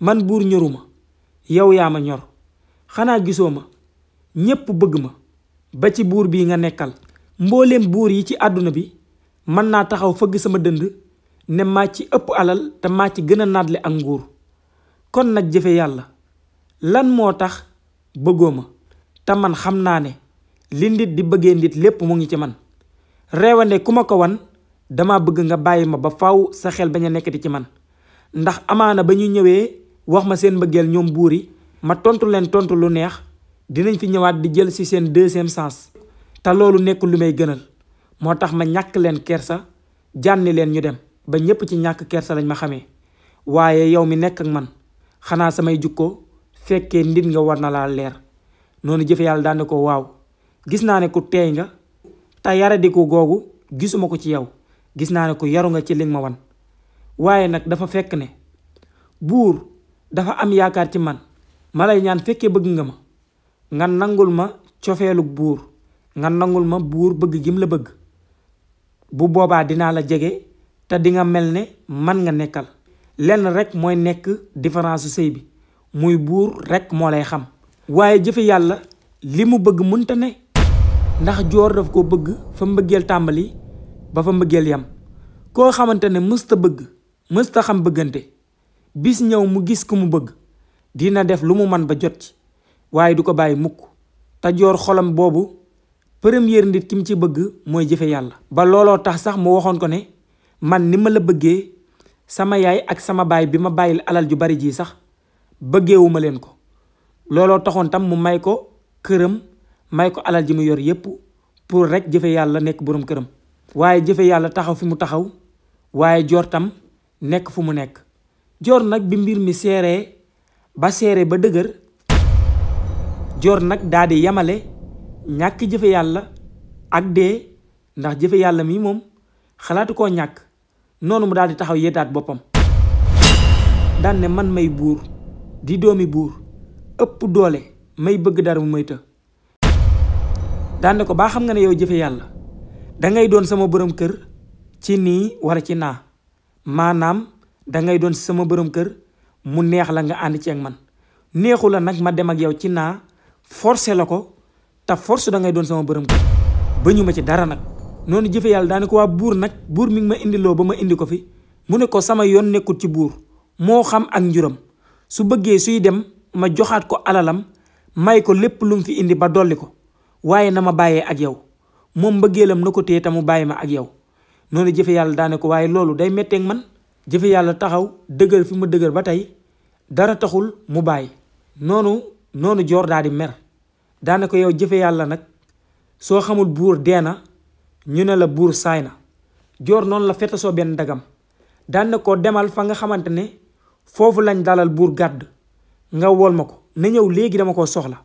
man buur ñoruma yow yaa ma ñor xanaa gisoo ma ñépp bëgg ma ba ci buur bii nga nekkal mboolem buur yi ci àdduna bi man naa taxaw fëgg sama dënd ne maa ci ëpp alal te maa ci gën a naatle ak nguur kon nag jëfe yàlla lan moo tax bëggoo ma te man xam naa ne li nit di bëggee nit lépp mu ngi ci man reewande ku ma ko wan dama bëgg nga bàyyi ma ba faw sa xel bañ a nekkati ci man ndax amaana ba ñu ñëwee wax ma seen mbëggeel ñoom buur yi ma tontu leen tontu lu neex dinañ fi ñëwaat di jël ci seen deuxième sens te loolu nekk lu may gënal moo tax ma ñàkk leen kersa jànni leen ñu dem ba ñépp ci ñàkk kersa lañ ma xame waaye yow mi nekk ak man xanaa samay jukko fekkee nit nga war na laa leer noonu jëfe yàlla daan ko waaw gis naa ne ko teey nga te yaradiku googu gisuma ko ci yow gis naa ne ko yaru nga ci li ma wan waaye nag dafa fekk ne buur dafa am yaakaar ci man ma lay ñaan fekkee bëgg nga ma nga nangul ma cofeelug buur nga nangul ma buur bëgg gim la bëgg bu boobaa dinaa la jege te dinga mel ne man nga nekkal lenn rek mooy nekk différence sëy bi muy buur rek moo lay xam waaye jëfe yàlla li mu bëgg mënta ne ndax joor daf ko bëgg fa mbëggeel tàmbali ba fa mbëggeel yam koo xamante ne mësta bëgg mësta xam bëggante bis ñëw mu gis ku mu bëgg dina def lu mu man ba jot ci waaye du ko bàyyi mukk te joor xolam boobu première nit ki mu ci bëgg mooy jëfe yàlla ba looloo tax sax mu waxoon ko ne man ni ma la bëggee sama yaay ak sama baay bi ma bàyyil alal ju bari jii sax bëggeewuma leen ko looloo taxoon tam mu may ko këram may ko alal ji mu yor yépp pour rek jëfe yàlla nekk boroom këram waaye jëfe yàlla taxaw fi mu taxaw waaye joor tam nekk fu mu nekk joor nag bi mbir mi seeree ba seeree ba dëgër joor nag daa di yamale ñàkk jëfe yàlla ak dee ndax jëfe yàlla mii moom xalaatu koo ñàkk noonu mu daal di taxaw yeetaat boppam daan man may buur di doomi buur ëpp doole may bëgg dara mu may të daan ko baa xam nga ne yow jëfe yàlla dangay doon sama borom kër ci nii wala ci naa maanaam dangay doon sama borom kër mu neex la nga ànd ci ak man neexu la nag ma dem ak yow ci naa forcé la ko te force da ngay doon sama bërëm kër ba ñu ma ci dara nag noonu jëfe yàlla daane ko waa buur nag buur mi ngi ma indiloo ba ma indi ko fi mu ne ko sama yoon nekkul ci buur moo xam ak njuram su bëggee suy dem ma joxaat ko alalam may ko lépp lum fi indi ba dolli ko waaye na ma bàyyee ak yow moom mbëggeelam na ko téye te mu bàyyi ma ak yow noonu jëfe yàlla daane ko waaye loolu day metteeg man jëfe yàlla taxaw dëgër fi ma dëgër ba tey dara taxul mu bàyyi noonu noonu joor daa di ko yow jëfe yàlla nag soo xamul buur dee na ñu ne la buur saay na joor noonu la fetasoo benn dagam daan na ko demal fa nga xamante ne foofu lañ dalal buur gàdd nga wol ma ko na ñëw léegi dama ko soxla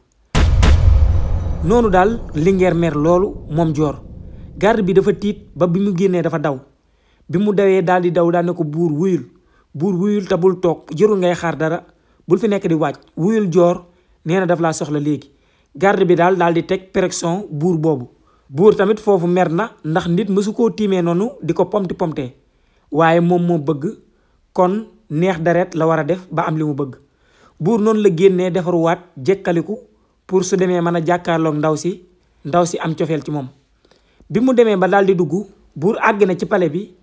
noonu daal lingeer mer loolu moom joor garde bi dafa tiit ba bi mu génnee dafa daw bi mu dawee daal di daw daan na ko buur wuyul buur wuyul te bul toog jërul ngay xaar dara bul fi nekk di waaj wuyul joor nee na daf laa soxla léegi garde bi daal daal di teg pression buur boobu buur tamit foofu mer na ndax nit su koo tiimee noonu di ko pomti pomte waaye moom moo bëgg kon neex deret la war a def ba am li mu bëgg buur noonu la génnee defaruwaat jekkaliku pour su demee mën a jàkkaarloog ndaw si ndaw si am cofeel ci moom bi mu demee ba daal di dugg buur àgg na ci pale bi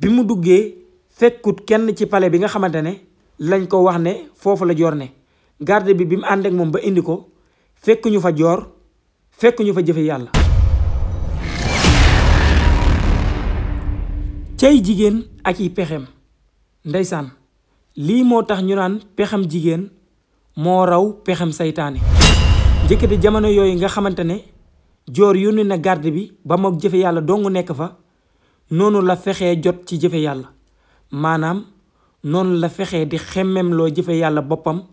bi mu duggee fekkut kenn ci pale bi nga xamante ne lañ ko wax ne foofu la joor ne garde bi bi mu ànd ak moom ba indi ko fekk fa joor fekk ñu fa jëfe yàlla cay jigéen ak yi pexem ndeysaan lii moo tax ñu naan pexem jigéen moo raw pexem saytaane njëkkate jamono yooyu nga xamante ne joor yónni na garde bi ba mook jëfe yàlla dong nekk fa noonu la fexee jot ci jëfe yàlla maanaam noonu la fexe di xemmem loo jëfe yàlla boppam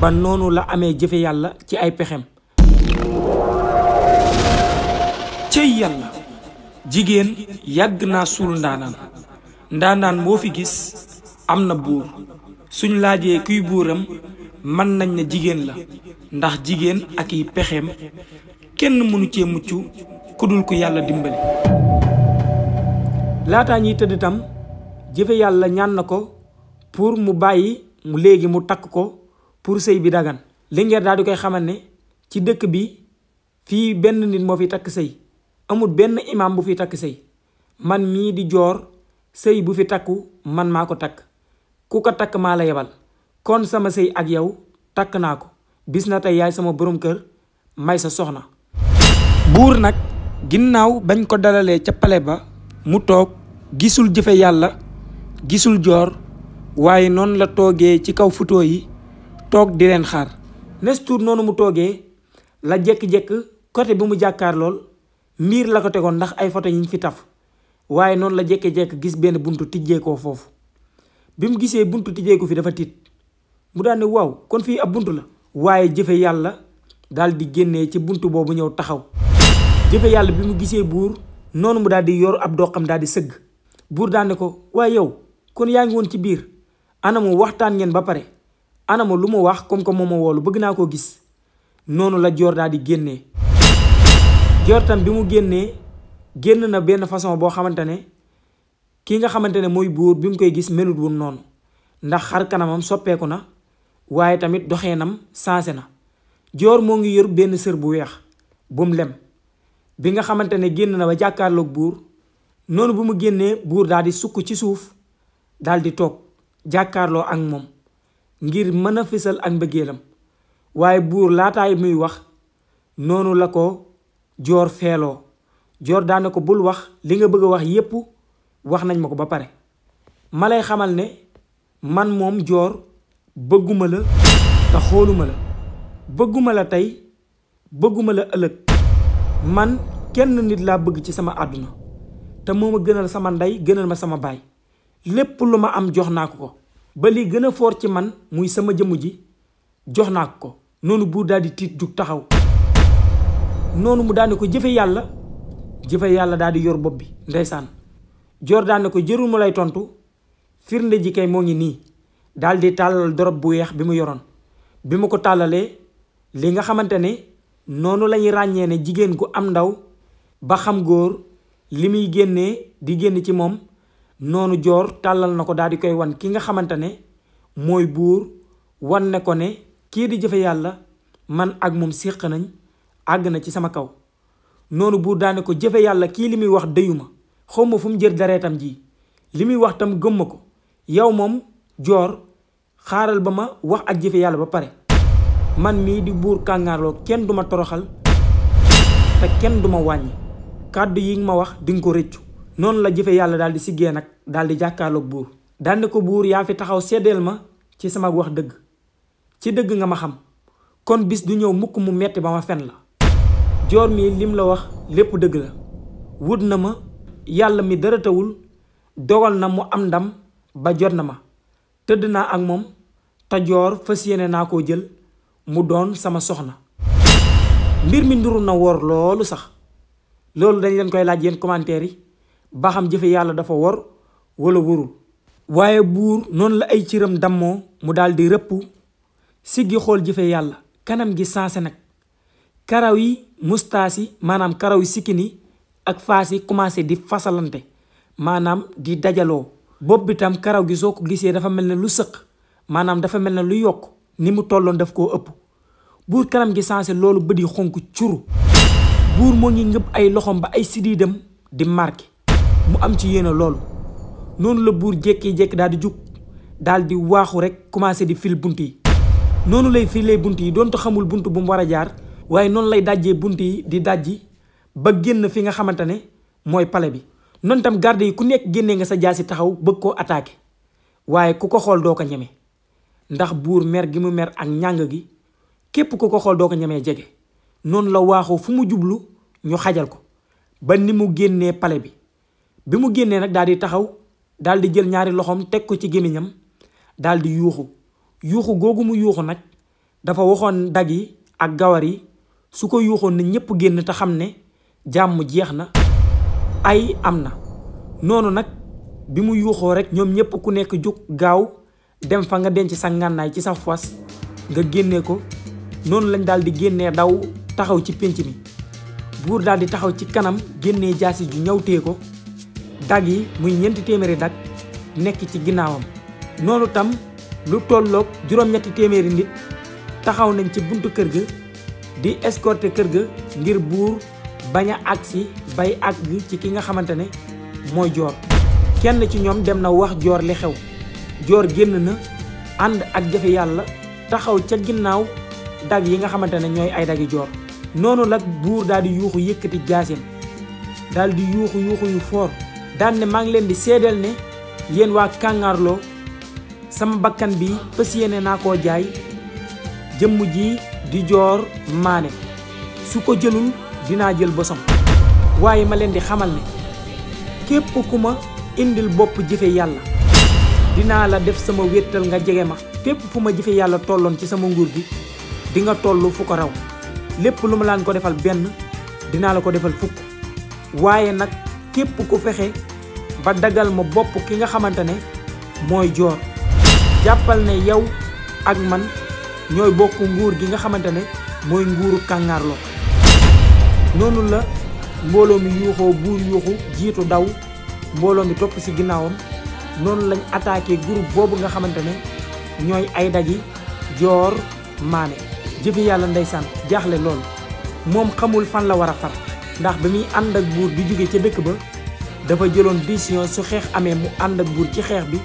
ba noonu la amee jëfe yàlla ci ay pexem cëy yàlla jigéen yàgg na suul ndaanaan ndaanaan boo fi gis am na buur suñ laajee kuy buuram mën nañ ne jigéen la ndax jigéen ak yi pexeem kenn mënu cee mucc ku dul ko yàlla dimbali laataa ñiy tëdd tam jëfe yàlla ñaan na ko pour mu bàyyi mu léegi mu takk ko pour sëy bi dagan lingeer daal di koy xamal ne ci dëkk bi fii benn nit moo fi takk sëy amul benn imam bu fi takk sëy man mii di joor sëy bu fi takku man maa ko takk ku ko takk maa la yebal kon sama sëy ak yow takk naa ko bis na tey yaay sama borom kër may sa soxna buur nag ginnaaw bañ ko dalalee ca pale ba mu toog gisul jëfe yàlla gisul joor waaye noonu la toogee ci kaw photo yi toog di leen xaar nes tour noonu mu toogee la jékki-jékki côté bi mu jàkkaar lool miir la ko tegoon ndax ay photo yiñ fi taf waaye noonu la jékki-jékki gis benn buntu tijjeekoo foofu bi mu gisee buntu tijjeeku fi dafa tiit mu daal ne kon fii ab buntu la waaye jëfe yàlla daal di ci buntu boobu ñëw taxaw mu gisee buur noonu mu daal di yor ab doxam daal di sëgg buur daal ne ko waaye yow kon yaa ngi woon ci biir anamu waxtaan ngeen ba pare anama lu mu wax comme que moom ma woolu bëgg naa ko gis noonu la joor daal di génnee Dior tam bi mu génnee génn na benn façon boo xamante ne kii nga xamante ne mooy buur bi mu koy gis melut woon noonu ndax xar kanamam soppeeku na waaye tamit doxee nam sansé na joor moo ngi yor benn sër bu weex bu mu lem bi nga xamante ne génn na ba jàkkaarloog buur noonu bu mu génnee buur daal di sukk ci suuf dal di toog jàkkaarloo ak moom ngir mën a fisal ak mbëggeelam waaye buur laataay muy wax noonu la ko joor feeloo joor daane ko bul wax li nga bëgg a wax yépp wax nañ ma ko ba pare ma lay xamal ne man moom joor bëgguma la te xooluma la bëgguma la tey bëgguma la ëllëg man kenn nit laa bëgg ci sama àdduna te moo ma gënal sama ndey gënal ma sama baay lépp lu ma am jox naa ko ko ba li gën a foor ci man muy sama jëmm ji jox naa ko noonu buur daal di tiit jug taxaw noonu mu daane ko jëfe yàlla jëfe yàlla daal di yor bopp bi ndeysaan joor daane ko jërul mu lay tontu firnde ji kay moo ngi nii daal di tàllal dorob bu weex bi mu yoroon bi mu ko tàllalee li nga xamante ne noonu lañuy ràññee ne jigéen gu am ndaw ba xam góor li muy génnee di génn ci moom noonu joor tàllal na ko daal di koy wan ki nga xamante ne mooy buur wan ne ko ne kii di jëfe yàlla man ak moom séq nañ àgg na ci sama kaw noonu buur daane ko jëfe yàlla kii li muy wax dayu ma xaw ma fu mu jër dareetam ji li muy wax tam gëmma ko yow moom joor xaaral ba ma wax ak jëfe yàlla ba pare man mii di buur kàngaarloo kenn duma toroxal te kenn duma wàññi kàddu yi nga ma wax dinga ko rëccu noonu la jëfe yàlla daal di siggee nag daal di jàkkaarloog buur daal ne ko buur yaa fi taxaw seddeel ma ci sama wax dëgg ci dëgg nga ma xam kon bis du ñëw mukk mu metti ba ma fen la joor mi lim la wax lépp dëgg la wut na ma yàlla mi dara tawul dogal na mu am ndam ba jot na ma tëdd naa ak moom te joor fas yéene naa koo jël mu doon sama soxna mbir mi nduru na wor loolu sax loolu dañ leen koy laaj yéen commentaire yi baaxam xam jëfe yàlla dafa war wala warul waaye buur noonu la ay cëram dammoo mu daal di rëpp siggi xool jëfe yàlla kanam gi saase nag karaw yi mustaas maanaam karaw yi sikkini ak faas yi commencé di fasalante maanaam di dajaloo bopp bi tam karaw gi soo ko gisee dafa mel ne lu sëq maanaam dafa mel ne lu yokk ni mu tolloon daf koo ëpp buur kanam gi saase loolu bët yi xonk curu buur moo ngi ngëb ay loxoom ba ay sidiidam di marqué mu am ci yéene loolu noonu la buur jékki-jékki daal di jug daal di waaxu rek commencé di fil bunt yi noonu lay filee bunt yi doonte xamul bunt bu mu war a jaar waaye noonu lay dajjee bunt yi di dajji ba génn fi nga xamante ne mooy pale bi noonu tam garde yi ku nekk génnee nga sa jaasi taxaw bëgg koo attaqué waaye ku ko xool doo ko ñeme ndax buur mer gi mu mer ak ñàng gi képp ku ko xool doo ko ñemee jege noonu la waaxu fu mu jublu ñu xajal ko ba ni mu génnee pale bi bi mu génnee nag daal di taxaw daal di jël ñaari loxoom teg ko ci gémmiñam daldi yuuxu yuuxu googu mu yuuxu nag dafa waxoon dag yi ak gawar yi su ko yuuxoon na ñépp génn te xam ne jàmm jeex na ay am na noonu nag bi mu yuuxoo rek ñoom ñépp ku nekk jóg gaaw dem fa nga denc sa ngànnaay ci sa fas nga génnee ko noonu lañ daal di génnee daw taxaw ci pénc mi buur daal di taxaw ci kanam génnee jaasi ju ñawtee ko tag yi muy ñeenti téeméeri dag nekk ci ginnaawam noonu tam lu tolloog juróom-ñetti téeméeri nit taxaw nañ ci buntu kër gi di escorter kër ga ngir buur bañ a agsi bay àgg ci ki nga xamante ne mooy joor kenn ci ñoom dem na wax joor li xew joor génn na ànd ak jafe yàlla taxaw ca ginnaaw dag yi nga xamante ne ñooy ay dagi joor noonu la buur daal di yuuxu yëkkati jaasim daal di yuuxu yuuxu yu foor daan ne maa ngi leen di seedeel ne yéen waa kàngaarloo sama bakkan bi fas yéene naa koo jaay jëmm ji di joor maane su ko jëlul dinaa jël bosam waaye ma leen di xamal ne képp ku ma indil bopp jëfe yàlla dinaa la def sama wéttal nga jege ma fépp fu ma jëfe yàlla tolloon ci sama nguur gi dinga nga toll fu ko raw lépp lu ma laan ko defal benn dinaa la ko defal fukk waaye nag képp ku fexe ba dagal ma bopp ki nga xamante ne mooy joor jàppal ne yow ak man ñooy bokk nguur gi nga xamante ne mooy nguuru kàngaarlo noonu la mbooloo mi yuuxoo buur yuuxu jiitu daw mbooloo mi topp ci ginnaawam noonu lañ attaqué groupe boobu nga xamante ne ñooy ay daji joor maane jëfe yàlla ndeysaan jaaxle loolu moom xamul fan la war a far ndax ba muy ànd ak buur bi jóge ca dëkk ba dafa jëloon décision su xeex amee mu ànd ak buur ci xeex bi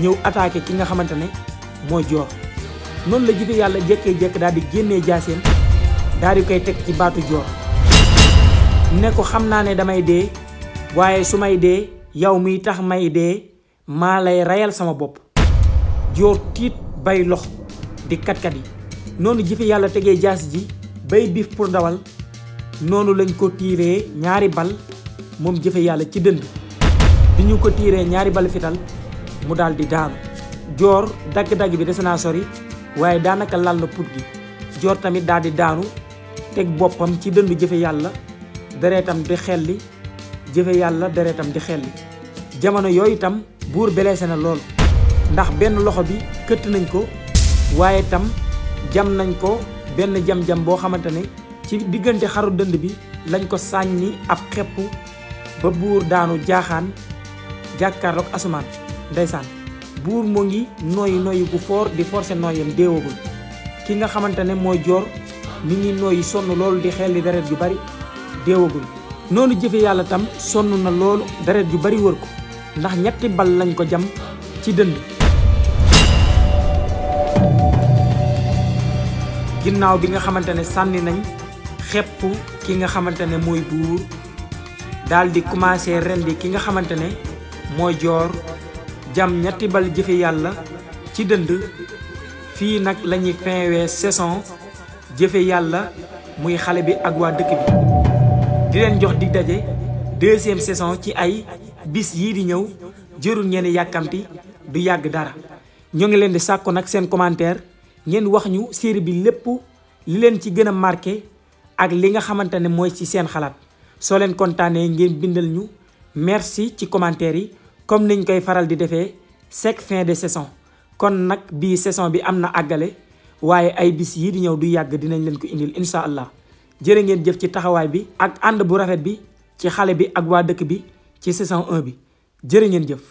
ñëw attaqué ki nga xamante ne mooy joor noonu la jibi yàlla jékkee-jékk daal di génnee jaaseen daal di koy teg ci baatu joor ne ko xam naa ne damay dee waaye su may dee yow miy tax may dee maa lay reyal sama bopp joor tiit bay lox di katkat yi noonu jifi yàlla tege jaas ji bay biif pour dawal noonu lañ ko tiiree ñaari bal moom jëfe yàlla ci dënd bi ñu ko tiiree ñaari bal fital mu daldi di daanu joor dagg-dagg bi dese naa sori waaye daanaka lal na put gi joor tamit daal di daanu teg boppam ci dëndu jëfe yàlla deretam di xelli jëfe yàlla deretam di xelli jamono yooyu itam buur blessé na lool ndax benn loxo bi këtt nañ ko waaye tam jam nañ ko benn jam-jam boo xamante ni ci diggante xaru dënd bi lañ ko sàññi ab xepp ba buur daanu jaaxaan jàkkaarloog asamaan ndeysaan buur mu ngi noyyi noyyi gu foor di forcé noyyam déewagul ki nga xamante ne mooy joor mu ngi noyyi sonn loolu di xel li deret yu bari déewagul noonu jëfe yàlla tam sonn na loolu deret yu bari wër ko ndax ñetti bal lañ ko jam ci dënn ginnaaw bi nga xamante ne sànni nañ xepp ki nga xamante ne mooy buur daal di commencé rendi ki nga xamante ne mooy joor jam ñetti bal jëfe yàlla ci dënd fii nag lañuy ñuy finwee saison jëfe yàlla muy xale bi ak waa dëkk bi di leen jox di daje deuxième saison ci ay bis yii di ñëw jërul ngeen yàkkamti du yàgg dara ñoo ngi leen di sàkku nag seen commentaire ngeen wax ñu série bi lépp li leen ci gën a marqué ak li nga xamante ne mooy ci seen xalaat soo leen kontaanee ngeen bindal ñu merci ci commentaire yi comme niñ koy faral di defee chaque fin de saison kon nag bii saison bi am na àggale waaye ay bis yii di ñëw du yàgg dinañ leen ko indil incha allah jërë ngeen jëf ci taxawaay bi ak ànd bu rafet bi ci xale bi ak waa dëkk bi ci saison bi jërë ngeen jëf.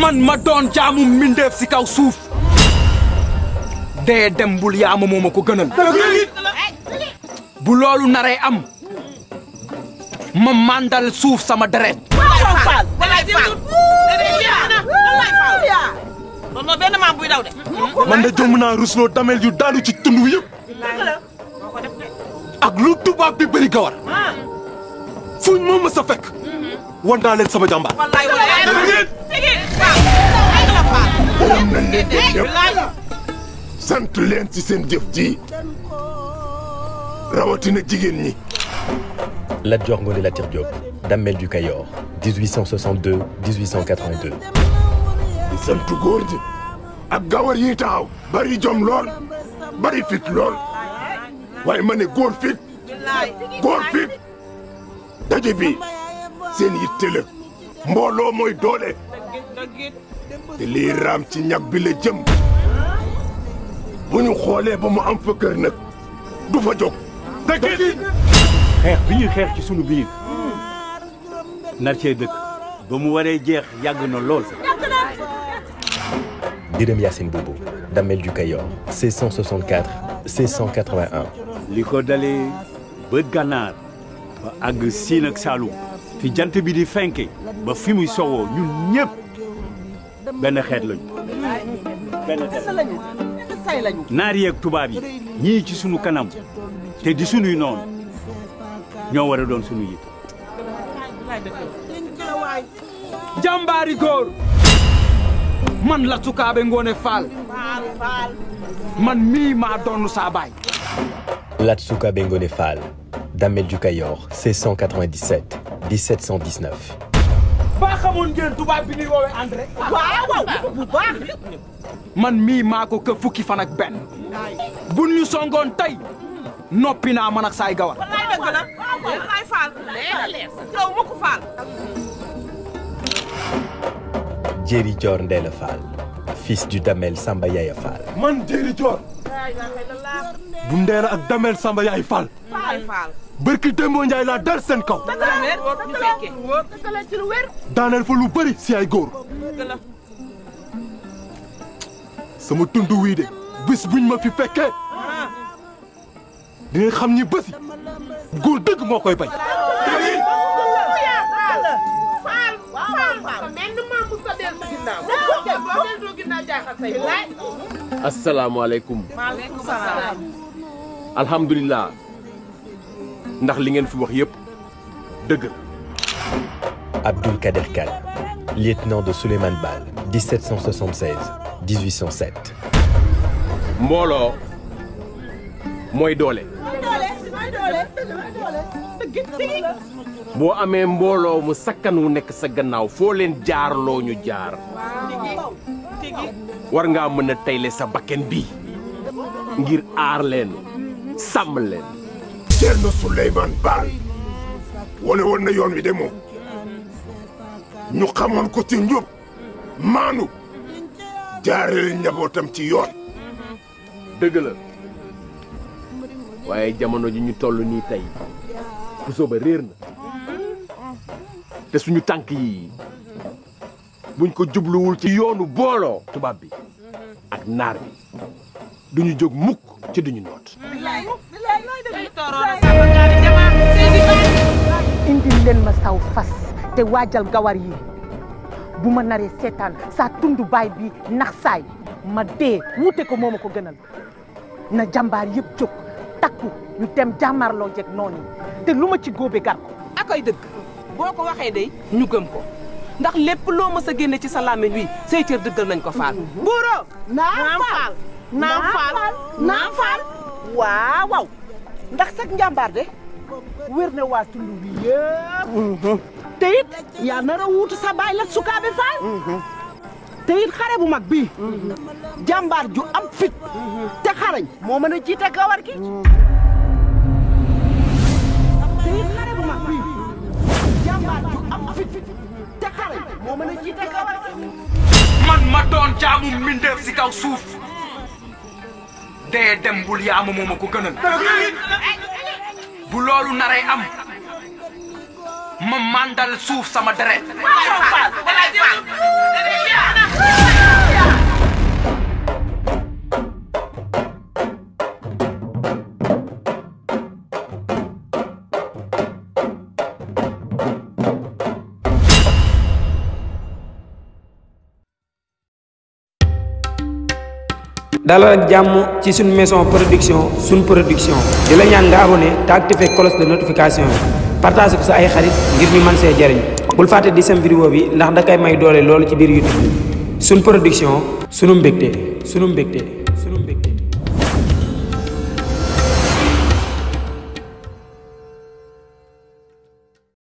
man ma doon jaamu mbindeef si kaw suuf. dee dem bul yaa ma ko gënal bu loolu naree am ma màndal suuf sama deret man da jomb naa rusloo damel yu daanu ci tund yëpp ak lu tubaab bi bëri gawar fuñ ma sa fekk war naa leen sama jàmbaar sant leen ci seen jëf ji rawatina jigéen ñi. Lat Dior Ngoné Latyr Diop Damel du Kayor 1862 1882. di sant góor ji ak gawar yi taxaw bari jom lool bari fit lool waaye mane ne góor fit góor fit daje bi seen yitte la mbooloo mooy doole te lii ci ñag bi la jëm. bu ñu xoolee ba mu am fa kër nag du fa jóg. dëkk xeex bi ñuy xeex ci sunu biir nar cee dëkk ba mu waree jeex yàgg na lool. Birame Yacine Boubou Damel du Kayor C164 C181. li ko dalee ba gànnaar ba àgg Siin ak Saalum jant bi di fenke ba fi muy sowoo ñun ñëpp xeet lañu benn xeet lañu. naar yeeg tubaab yi ñii ci sunu kanam te di sunuy noonu ñoo war doon sunu yitt. jàmbaari góor man la Sukaabe Ngoone Faal man mii maa doonu saa baay. Lat Sukaabe Ngoone Fall Damel du Kayor 1697 baa xamoon ngeen tubaab bi ñuy woowee André. man mii maa ko fukki fan ak benn. buñ ñu songoon tey noppi naa man ak saay gawar. walaay dëgg la walaay faal. yow Joor Ndeela Fall fils du Damel Samba Yaya Fall. man Jéeri Joor. bu Ndeela ak Damel Samba Yaay Fall. bërki Demba Ndiaye laa dal seen kaw. daaneel fa lu bëri si ay góor. sama tund wii de bés buñ ma fi fekkee di nga xam ni bési góor dëgg moo koy bay. asalaamaaleykum. maaleykum salaam. alhamdulilah. ndax li ngeen fi wax yépp dëgg la. Abdoul Kader Kane lieutenant de Souleymane Baal 1776 1807. mbooloo mooy doole. boo amee mbooloo mu sakkan wu nekk sa gannaaw foo leen jaarloo ñu jaar. war ngaa mën a tayle sa bakken bi ngir aar leen sàmm leen. Thierno Souleymane Baal wane woon na yoon wi de moom ñu xamoon ko ci njub maanu jaarale njabootam ci yoon. dëgg waaye jamono ji ñu toll nii tey puso ba réer na te suñu tànk yi buñ ko jubluwul ci yoonu booloo tubaab bi ak naar bi. du ñu jóg mukk ci duñu noot indil leen ma saw fas te waajal gawar yi bu ma naree seetaan saa tundu baay bi nax saay ma dee wuute ko mooma ko gënal na jàmbaar yépp jóg takku ñu dem jàmmaarloo jeg noonu te lu ma ci góobe gar ko akoy dëgg boo ko waxee day ñu gëm ko ndax lépp loo mës a génne ci sa làmmiñ wi say cër dëggal nañ ko faal mm-hmm. buuroo naam faal naam faal naam faal waaw ndax sax njàmbaar de wér na waa tund bi yëpp mhm. yaa nar a wuutu sa sukaabe faal mhm. te it bii mhm. jàmbaar ju am fit te xarañ moo mën a jiite gawar te it xare man ma doon jaamu mbindeef si kaw suuf dee dem bul yaama moom a ko gënal bu loolu naree am ma mandal suuf sama deret dalal ak jàmm ci suñ maison production suñ production di la ñaan nga abonné te activé cloche de notification bi partage ko sa ay xarit ngir ñu mën see jariñ bul fàtte di sem vidéo bi ndax da kay may doole loolu ci biir YouTube suñ production sunu mbégte sunu mbégte